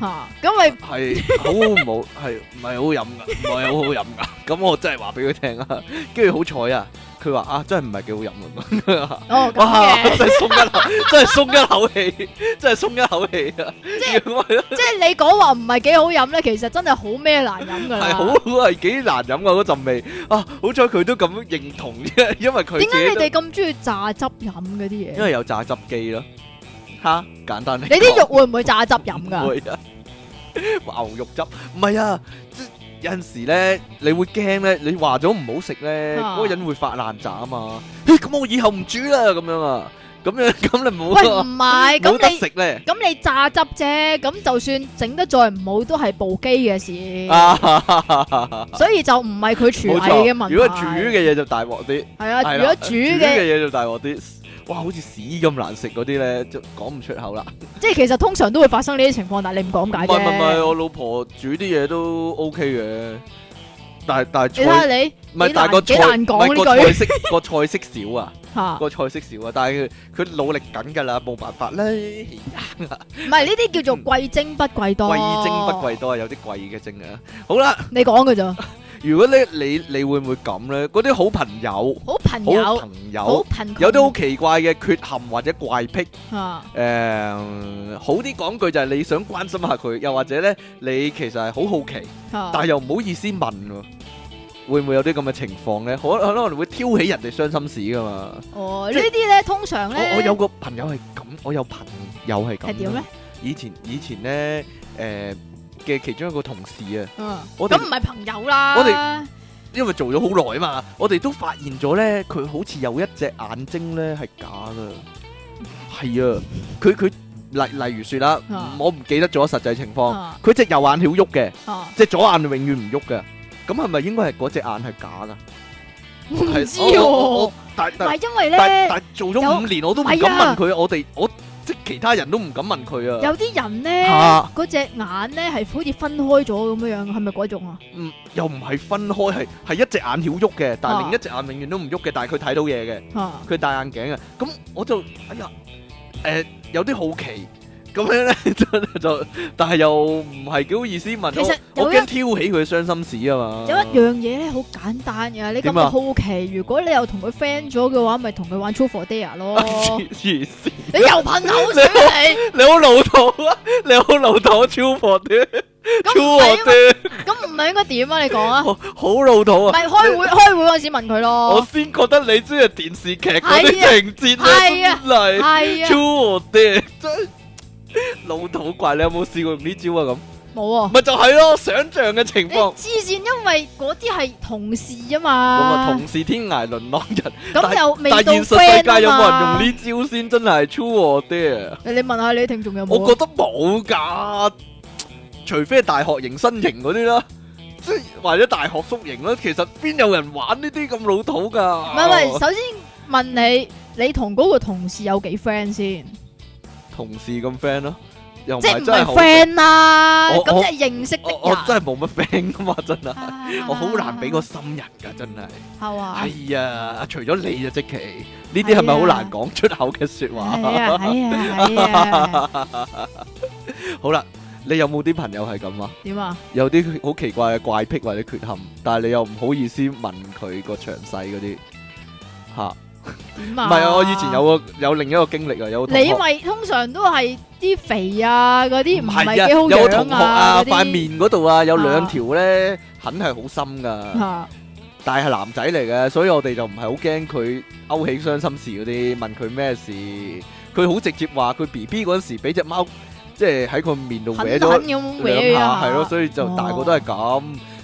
嚇、啊，咁咪係好唔好？係唔係好飲噶？唔係好好飲噶？咁 [LAUGHS] 我真係話俾佢聽啊！跟住好彩啊！佢話啊，真係唔係幾好飲啊！ [LAUGHS] 哦，哇！ [LAUGHS] 真係鬆一口， [LAUGHS] 真係鬆一口氣， [LAUGHS] 真係鬆一口氣啊！ [LAUGHS] 即係 [LAUGHS] 你講話唔係幾好飲咧，其實真係好咩難飲㗎！係好係幾難飲㗎嗰陣味 [LAUGHS] 啊！好彩佢都咁認同，因為因為佢點解你哋咁中意榨汁飲嗰啲嘢？因為有榨汁機咯、啊。吓，簡單啲。你啲肉會唔會榨汁飲噶？唔會啊，牛肉汁唔係啊，有陣時咧你會驚咧，你話咗唔好食咧，嗰個人會發爛渣啊嘛。咁我以後唔煮啦，咁樣啊，咁樣咁你冇得，喂，唔係，冇得食咧。咁你榨汁啫，咁就算整得再唔好都係部機嘅事。所以就唔係佢廚藝嘅問題。如果煮嘅嘢，就大鑊啲。係啊，如果煮嘅嘢，就大鑊啲。哇，好似屎咁難食嗰啲咧，就講唔出口啦。即係其實通常都會發生呢啲情況，但係你唔講解咧。唔係唔係，我老婆煮啲嘢都 OK 嘅，但係但係你睇下你唔係，但係個菜唔係個菜式個菜式少啊， [LAUGHS] 個菜式少啊，但係佢努力緊噶啦，冇辦法咧。唔係呢啲叫做貴精不貴多，嗯、貴精不貴多，有啲貴嘅精啊。好啦，你講噶咋？ [LAUGHS] 如果咧，你你會唔會咁咧？嗰啲好朋友，好朋友，好朋友，好朋友有啲好奇怪嘅缺陷，或者怪癖。誒、啊呃，好啲講句就係你想關心下佢，又或者咧，你其實係好好奇，啊、但係又唔好意思問。會唔會有啲咁嘅情況咧？可能可能會挑起人哋傷心事㗎嘛。哦，呢啲咧即通常咧，我有個朋友係咁，我有朋友係咁。係點咧？以前以前咧，誒、呃。嘅其中一個同事啊，我哋咁唔係朋友啦。我哋因為做咗好耐啊嘛，我哋都發現咗咧，佢好似有一隻眼睛咧係假噶。係啊，佢佢例例如說啦，我唔記得咗實際情況，佢隻右眼好喐嘅，隻左眼永遠唔喐嘅。咁係咪應該係嗰隻眼係假噶？唔知喎，但但係因為咧，但係做咗五年我都唔敢問佢，我哋我。其他人都唔敢問佢啊！有啲人咧，嗰、啊、隻眼咧係好似分開咗咁樣樣，係咪嗰種啊？嗯，又唔係分開，係係一隻眼曉喐嘅，但係另一隻眼永遠都唔喐嘅，但係佢睇到嘢嘅，佢、啊、戴眼鏡嘅。咁我就哎呀，誒、呃、有啲好奇。咁樣咧就就，但係又唔係幾好意思問。其實我驚挑起佢傷心事啊嘛。有一樣嘢咧好簡單嘅，你咁好奇，如果你又同佢 friend 咗嘅話，咪同佢玩 Truth or Dare 咯。你又噴口水你你好老土啊！你好老土，Truth or Dare，Truth or Dare 咁唔係應該點啊？你講啊！好老土啊！咪開會開會嗰時問佢咯。我先覺得你鍾意電視劇嗰啲情節嚟，Truth or Dare。老土怪，你有冇試過用呢招啊？咁冇啊，咪就係咯，想象嘅情況。之前因為嗰啲係同事啊嘛，我話同事天涯淪落人。咁但又未到現實世界有冇人用呢招先？ [LAUGHS] 真係 true or dare！你問下你聽眾有冇？我覺得冇噶，除非大學型、身型嗰啲啦，即係或者大學縮型啦。其實邊有人玩呢啲咁老土噶？唔係，首先問你，你同嗰個同事有幾 friend 先？同事咁 friend 咯。真即係唔係 friend 啦？咁我即係認識的人，我我。我真係冇乜 friend 噶嘛，真係。啊、我好難俾個心人噶，真係。係啊，哎、除咗你啊，積淇，呢啲係咪好難講出口嘅說話？好啦，你有冇啲朋友係咁啊？點啊？有啲好奇怪嘅怪癖或者缺陷，但係你又唔好意思問佢個詳細嗰啲，吓、啊。唔係啊，啊！我以前有個有另一個經歷啊，啊，有同學你咪通常都係啲肥啊嗰啲，唔係幾好樣啊！塊些面嗰度啊，有兩條咧，肯定係好深噶。但係男仔嚟嘅，所以我哋就唔係好驚佢勾起傷心事嗰啲，問佢咩事。佢好直接話佢 B B 嗰陣時俾隻貓，即係喺佢面度搲咗，你諗下係咯、啊，所以就大個都係咁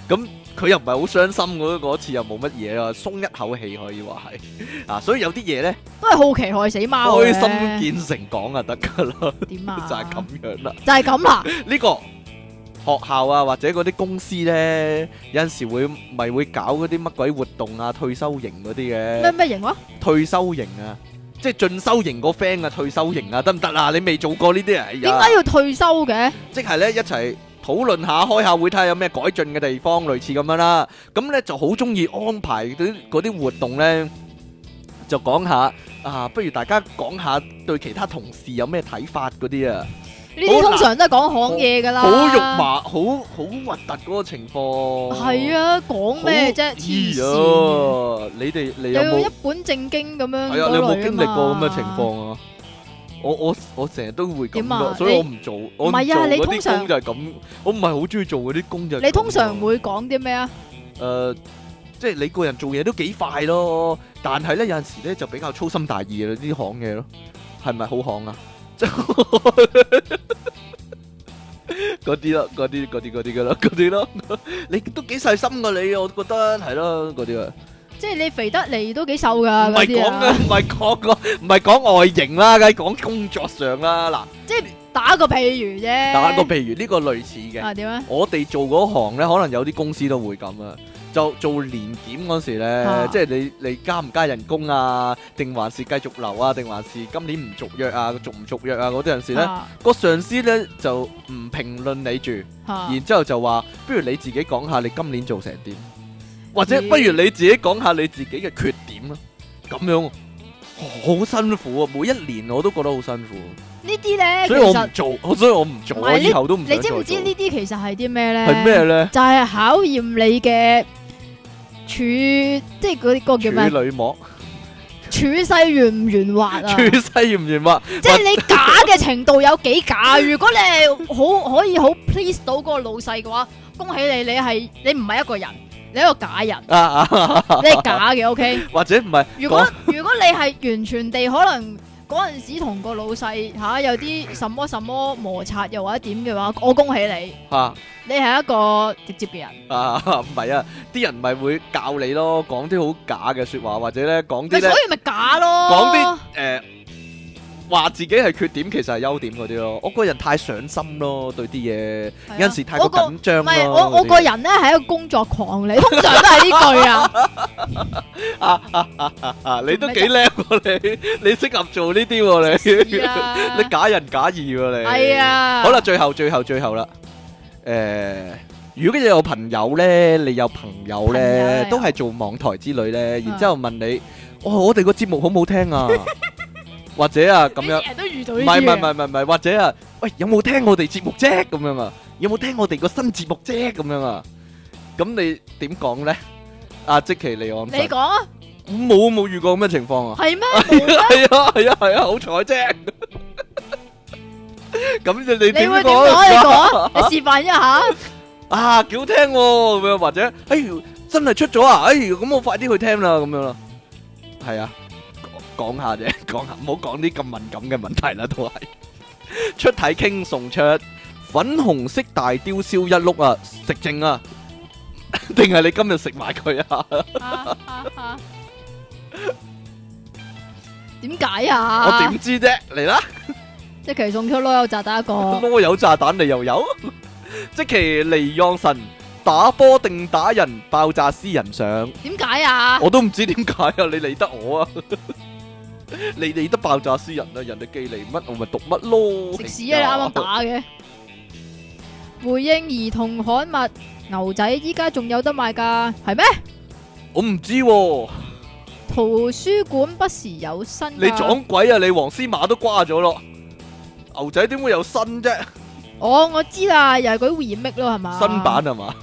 咁。啊。佢又唔係好傷心，嗰嗰次又冇乜嘢啊，鬆一口氣可以話係啊，所以有啲嘢咧都係好奇害死貓。開心見成講啊得㗎啦，點啊？就係咁樣啦，就係咁啦。呢個學校啊，或者嗰啲公司咧，有陣時會咪會搞嗰啲乜鬼活動啊，退休營嗰啲嘅咩咩營咯，退休營啊，即係進修營個 friend 啊，退休營啊，得唔得啊？你未做過呢啲啊？點解要退休嘅？即係咧一齊。討論下開下會睇下有咩改進嘅地方，類似咁樣啦。咁咧就好中意安排啲嗰啲活動咧，就講下啊，不如大家講下對其他同事有咩睇法嗰啲啊。呢通常都係講行嘢㗎啦。好好，好肉麻，好好核突嗰個情況。係啊，講咩啫？黐線啊，啊你哋你有冇一本正經咁樣？啊？係啊，哎，你有冇經歷過咁嘅情況啊？我我我成日都會咁咯，所以我唔做。我唔做嗰啲工就係咁。我唔係好中意做嗰啲工就。你通常會講啲咩啊？誒，即係你個人做嘢都幾快咯，但係咧有陣時咧就比較粗心大意嘅，呢行嘢咯，係咪好行啊？即係嗰啲咯，嗰啲嗰啲嗰啲嘅咯，嗰啲咯。你都幾細心噶你，我覺得係咯嗰啲啊。即係你肥得嚟都幾瘦噶，唔係講啊，唔係講個，唔係講外形啦，梗係講工作上啦。嗱，即係打個譬如啫，打個譬如呢個類似嘅。啊，點咧？我哋做嗰行咧，可能有啲公司都會咁啊。就做年檢嗰時咧，即係你你加唔加人工啊？定還是繼續留啊？定還是今年唔續約啊？續唔續約啊？嗰啲陣時咧，個上司咧就唔評論你住，然之後就話，不如你自己講下你今年做成點。或者不如你自己講下你自己嘅缺點啊，咁樣好辛苦啊！每一年我都覺得好辛苦啊。呢啲咧，所以我唔做，所以我唔做，我是以後都唔。你知唔知呢啲其實係啲咩咧？係咩咧？就係考驗你嘅處，即係嗰啲嗰個叫咩？處女膜 [LAUGHS] 處世圓唔圓滑啊？ [LAUGHS] 處世圓唔圓滑？即係你假嘅程度有幾假？ [LAUGHS] 如果你係好可以好 please 到嗰個老細嘅話，恭喜你，你係你唔係一個人。你一個假人，啊啊、 [LAUGHS] 你係假嘅，OK？或者唔係？如果如果你係完全地可能嗰陣時同個老細吓、啊、有啲什麼什麼摩擦又或者點嘅話，我恭喜你吓，啊、你係一個直接嘅人啊！唔係啊，啲人咪係會教你咯，講啲好假嘅說話或者咧講啲咧，所以咪假咯，講啲誒。呃話自己係缺點，其實係優點嗰啲咯。我個人太上心咯，對啲嘢有陣時太過緊張咯。唔係我我個人咧係一個工作狂你，通常都係呢句啊。啊，你都幾叻喎你？你適合做呢啲喎你？係啊，你假仁假義喎你？係啊。好啦，最後最後最後啦。誒，如果你有朋友咧，你有朋友咧都係做網台之類咧，然之後問你：哇，我哋個節目好唔好聽啊？或者啊，咁樣，唔係唔係唔係唔係，或者啊，喂，有冇聽我哋節目啫？咁樣啊，有冇聽我哋個新節目啫？咁樣啊，咁你點講咧？阿積淇離岸，你講啊，冇冇遇過咁嘅情況啊？係咩？係啊係啊係啊，好彩啫！咁你你點講？你講，你示範一下啊，幾好聽喎！咁樣或者，哎，真係出咗啊！哎，咁我快啲去聽啦，咁樣啦，係啊。講下啫，講下唔好講啲咁敏感嘅問題啦。都係出體 king 送出粉紅色大雕燒一碌啊，食正啊，定係你今日食埋佢啊？點解啊？我點知啫？嚟啦，即其送 Q，籮柚炸彈，一個籮柚炸彈，你又有積淇離岸神打波定打人爆炸私人相？點解啊？我都唔知點解啊，你理得我啊？ [LAUGHS] 你哋都爆炸私人喇，人哋寄嚟乜我咪讀乜咯。食屎啊，你啱啱打嘅。回應兒童刊物《牛仔》依家仲有得賣噶，係咩？我唔知喎。圖書館不時有新。你撞鬼啊！你黃司馬都瓜咗咯。牛仔點會有新啫？哦，我知啦，又係佢會演逼咯，係嘛？新版係嘛？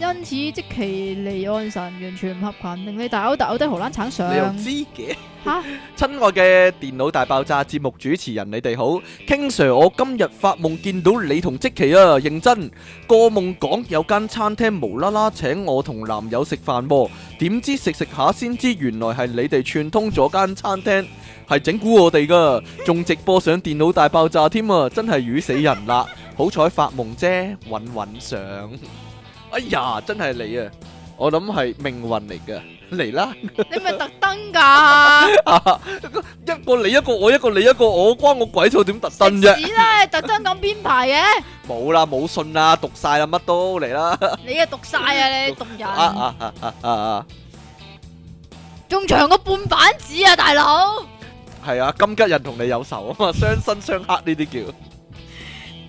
因此，積淇離岸神完全唔合群，令你大歐大歐啲荷蘭橙上。你又知嘅吓？親蛤愛嘅電腦大爆炸節目主持人，你哋好，King Sir，我今日發夢見到你同積淇啊，認真個夢講有間餐廳無啦啦請我同男友食飯，啊，點知食食下先知原來係你哋串通咗間餐廳係整蠱我哋噶，仲直播上電腦大爆炸添啊！真係瘀死人啦， [LAUGHS] 好彩發夢啫，穩穩上。哎呀，真係你啊！我諗係命運嚟嘅，嚟啦！你咪特登噶，一個你一個我，一個你一個我，關我鬼數點特登啫！食屎啦！特登咁編排嘅，冇啦，冇信啦，讀晒啦，乜都嚟啦！你啊讀晒啊，你讀人啊啊啊啊啊！仲長個半板子啊，大佬！係啊，金吉人同你有仇啊嘛，相生相克呢啲叫。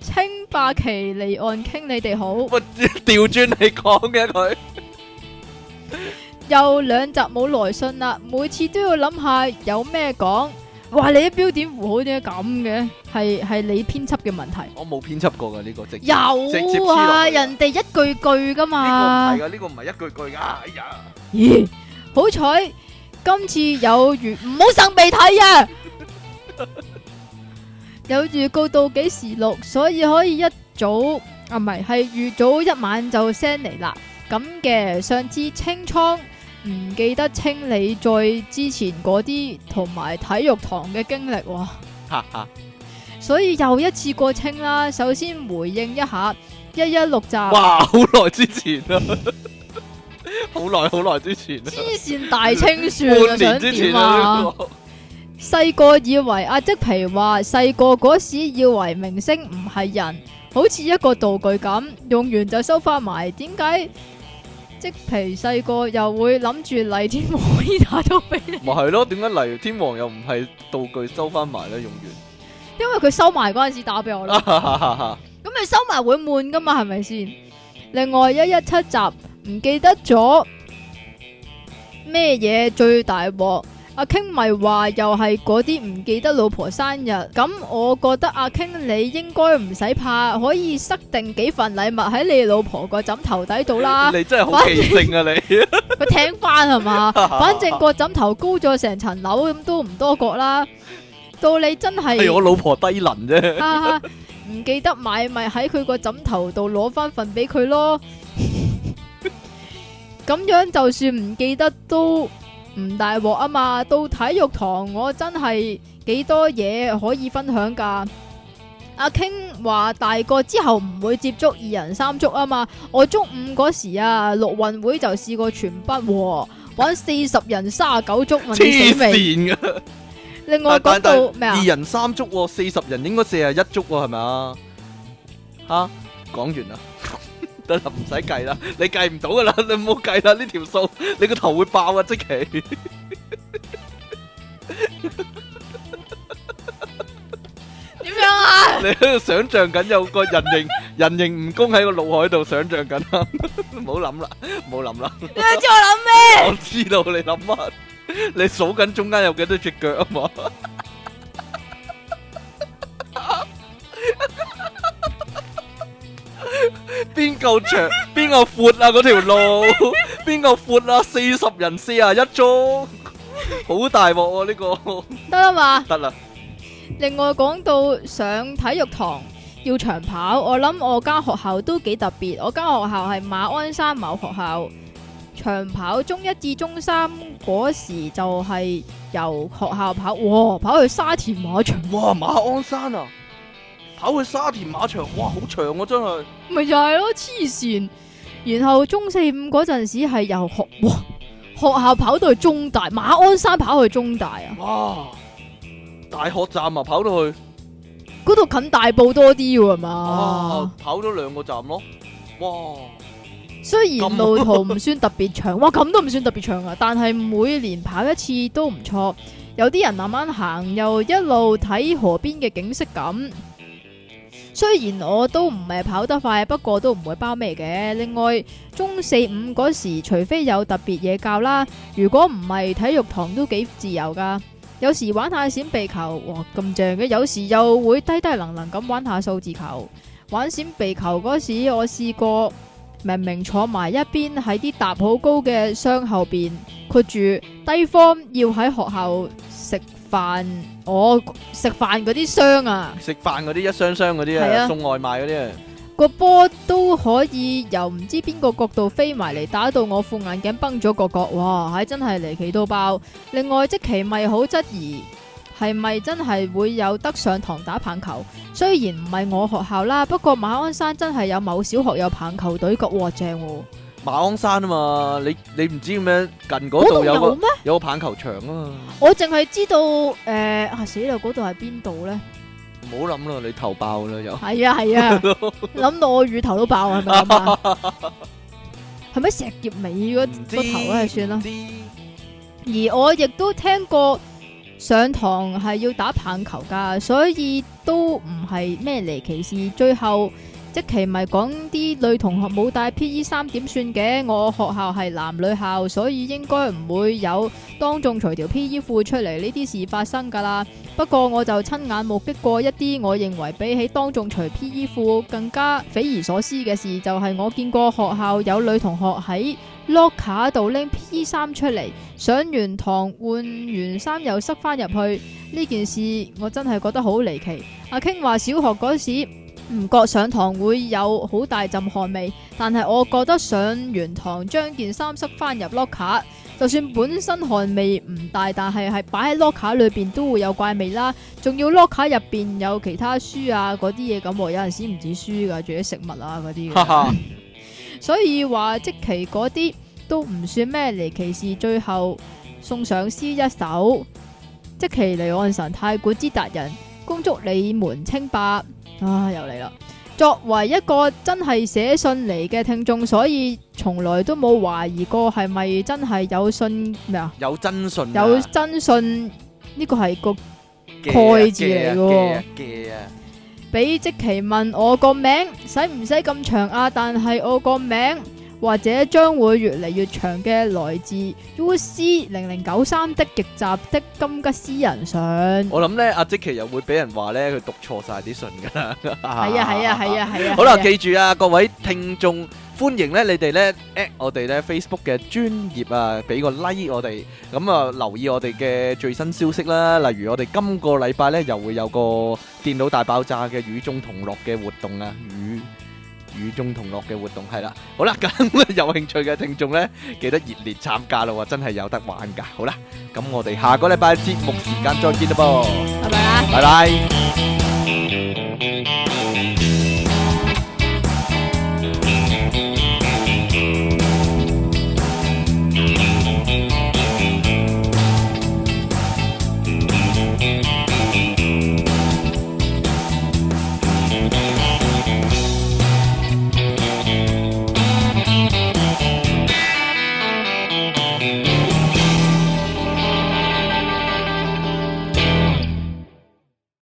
積淇離岸神你哋好，我調轉你講嘅佢又兩集冇來信啦，每次都要諗下有咩講，話你啲標點符號點解咁嘅？係係你編輯嘅問題，我冇編輯過噶呢個，直情有啊，人哋一句句噶嘛，呢個唔係噶，呢個唔係一句句噶，哎呀，咦，好彩今次有月，唔好擤鼻涕啊！有預告到幾時錄，所以可以一早啊，唔係係預早一晚就 send 嚟啦。咁嘅上次清倉唔記得清理，再之前嗰啲同埋體育堂嘅經歷喎、哦。哈哈、啊，啊、所以又一次過清啦。首先回應一下一一六集，哇，好耐之前啦，好耐好耐之前，黐線大清算啊，想點啊？ [LAUGHS] 細個以為阿即皮話，細個嗰時以為明星唔係人，好似一個道具咁，用完就收翻埋。點解即皮細個又會諗住黎天王依 [LAUGHS] 打到俾給你？ [LAUGHS] 咪係咯？點解黎天王又唔係道具收翻埋咧？用完因為佢收埋嗰陣時打俾我啦。咁 [LAUGHS] 你收埋會悶噶嘛？係咪先？另外一一七集唔記得咗咩嘢，最大鑊？阿 king 咪話又係嗰啲唔記得老婆生日，咁我覺得阿 king 你應該唔使怕，可以塞定幾份禮物喺你老婆個枕頭底度啦。你真係好奇性啊你！佢聽翻係嘛？反正個枕頭高咗成層樓咁都唔多覺啦。到你真係係我老婆低能啫，唔記得買咪喺佢個枕頭度攞翻份俾佢咯。咁樣就算唔記得都。唔大鑊啊嘛，到體育堂我真係幾多嘢可以分享噶。阿 King 話大個之後唔會接觸二人三足啊嘛，我中午嗰時啊，陸運會就試過全筆玩四十人三十九足，黐線噶。另外講到咩啊？二人三足，四十人應該四十一足係咪啊？吓，講完啦。就唔使計啦，你計唔到噶啦，你唔好計啦，呢條數，你個頭會爆啊！積淇，點樣啊？你喺度想象緊有個人形，人形蜈蚣喺個腦海度想象緊啦！唔好諗啦，唔好諗啦，你喺度諗咩？我知道你諗乜，你數緊中間有幾多隻腳啊嘛？邊夠長？邊個闊啊？嗰條路邊個闊啊？四十人四啊一中，好 [LAUGHS] 大鑊啊。呢、這個得啦嘛，得啦。另外講到上體育堂要長跑，我諗我間學校都幾特別。我間學校係馬鞍山某學校，長跑中一至中三嗰時就係由學校跑，哇，跑去沙田馬場，哇，馬鞍山啊！跑去沙田馬場，哇，好長啊，真係。咪就係咯，黐線。然後中四五嗰陣時係由學，哇，學校跑到去中大，馬鞍山跑去中大啊。哇，大學站啊，跑到去。嗰度近大埔多啲噶係嘛？跑咗兩個站咯。哇，雖然路途唔算特別長，樣啊、 [LAUGHS] 哇，咁都唔算特別長啊。但係每年跑一次都唔錯。有啲人慢慢行，又一路睇河邊嘅景色咁。雖然我都唔係跑得快，不過都唔會包尾嘅。另外中四五嗰時，除非有特別嘢教啦，如果唔係體育堂都幾自由噶。有時玩下閃避球，哇咁正嘅；有時又會低低能能咁玩下數字球。玩閃避球嗰時，我試過明明坐埋一邊喺啲搭好高嘅箱後邊，括住低 form 要喺學校食飯。我、哦、食飯嗰啲箱啊，食飯嗰啲一箱箱嗰啲啊，送外賣嗰啲啊，個波都可以由唔知邊個角度飛埋嚟，打到我副眼鏡崩咗個角，角，哇，係、哎、真係離奇到爆！另外，即其咪好質疑係咪真係會有得上堂打棒球，雖然唔係我學校啦，不過馬鞍山真係有某小學有棒球隊，㗎喎正喎。馬鞍山啊嘛，你你唔知咁樣近嗰度有個有,有個棒球場啊嘛。我淨係知道誒、呃啊，死啦！嗰度係邊度咧？唔好諗啦，你頭爆啦又。係啊係啊，諗、啊、 [LAUGHS] 到我乳頭都爆啊，係咪啊？係咪 [LAUGHS] 石劫尾嗰、那個頭啊？算啦。而我亦都聽過上堂係要打棒球噶，所以都唔係咩離奇事。最後。即期，咪講啲女同學冇帶 P.E. 衫，點算嘅？我學校係男女校，所以應該唔會有當眾除條 P.E. 褲出嚟，呢啲事發生噶啦。不過我就親眼目擊過一啲我認為比起當眾除 P.E. 褲更加匪夷所思嘅事，就係我見過學校有女同學喺 locker 度拎 P.E. 衫出嚟，上完堂換完衫又塞翻入去。呢件事我真係覺得好離奇。阿 King 話小學嗰時，唔覺上堂會有好大陣汗味，但係我覺得上完堂將件衫塞翻入 locker，就算本身汗味唔大，但係係擺喺 locker 裏邊都會有怪味啦。仲要 locker 入邊有其他書啊嗰啲嘢咁，有陣時唔止書噶，仲有食物啊嗰啲。 [LAUGHS] [LAUGHS] 所以話積淇嗰啲都唔算咩離奇事。最後送上詩一首，積淇離岸神太古之達人。恭祝你們清白啊！又嚟啦！作為一個真係寫信嚟嘅聽眾，所以從來都冇懷疑過係咪真係有信咩啊？有真信，有真信呢個係個蓋字嚟嘅。俾積淇問我個名，使唔使咁長啊？但係我個名。或者將會越嚟越長嘅來自 U C 零零九三的極集的金吉斯人相。我諗咧，阿積淇又會俾人話咧，佢讀錯曬啲信㗎啦。係啊係啊係啊係啊！好啦，記住啊，各位聽眾，歡迎咧你哋咧 at 我哋咧 Facebook 嘅專頁啊，俾個 like 我哋，咁啊留意我哋嘅最新消息啦。例如我哋今個禮拜咧又會有個電腦大爆炸嘅與眾同樂嘅活動啊，與。與眾同樂嘅活動係啦，好啦，咁有興趣嘅聽眾呢，記得熱烈參加啦喎，真係有得玩㗎！好啦，咁我哋下個禮拜節目時間再見啦噃，拜拜啦，拜拜。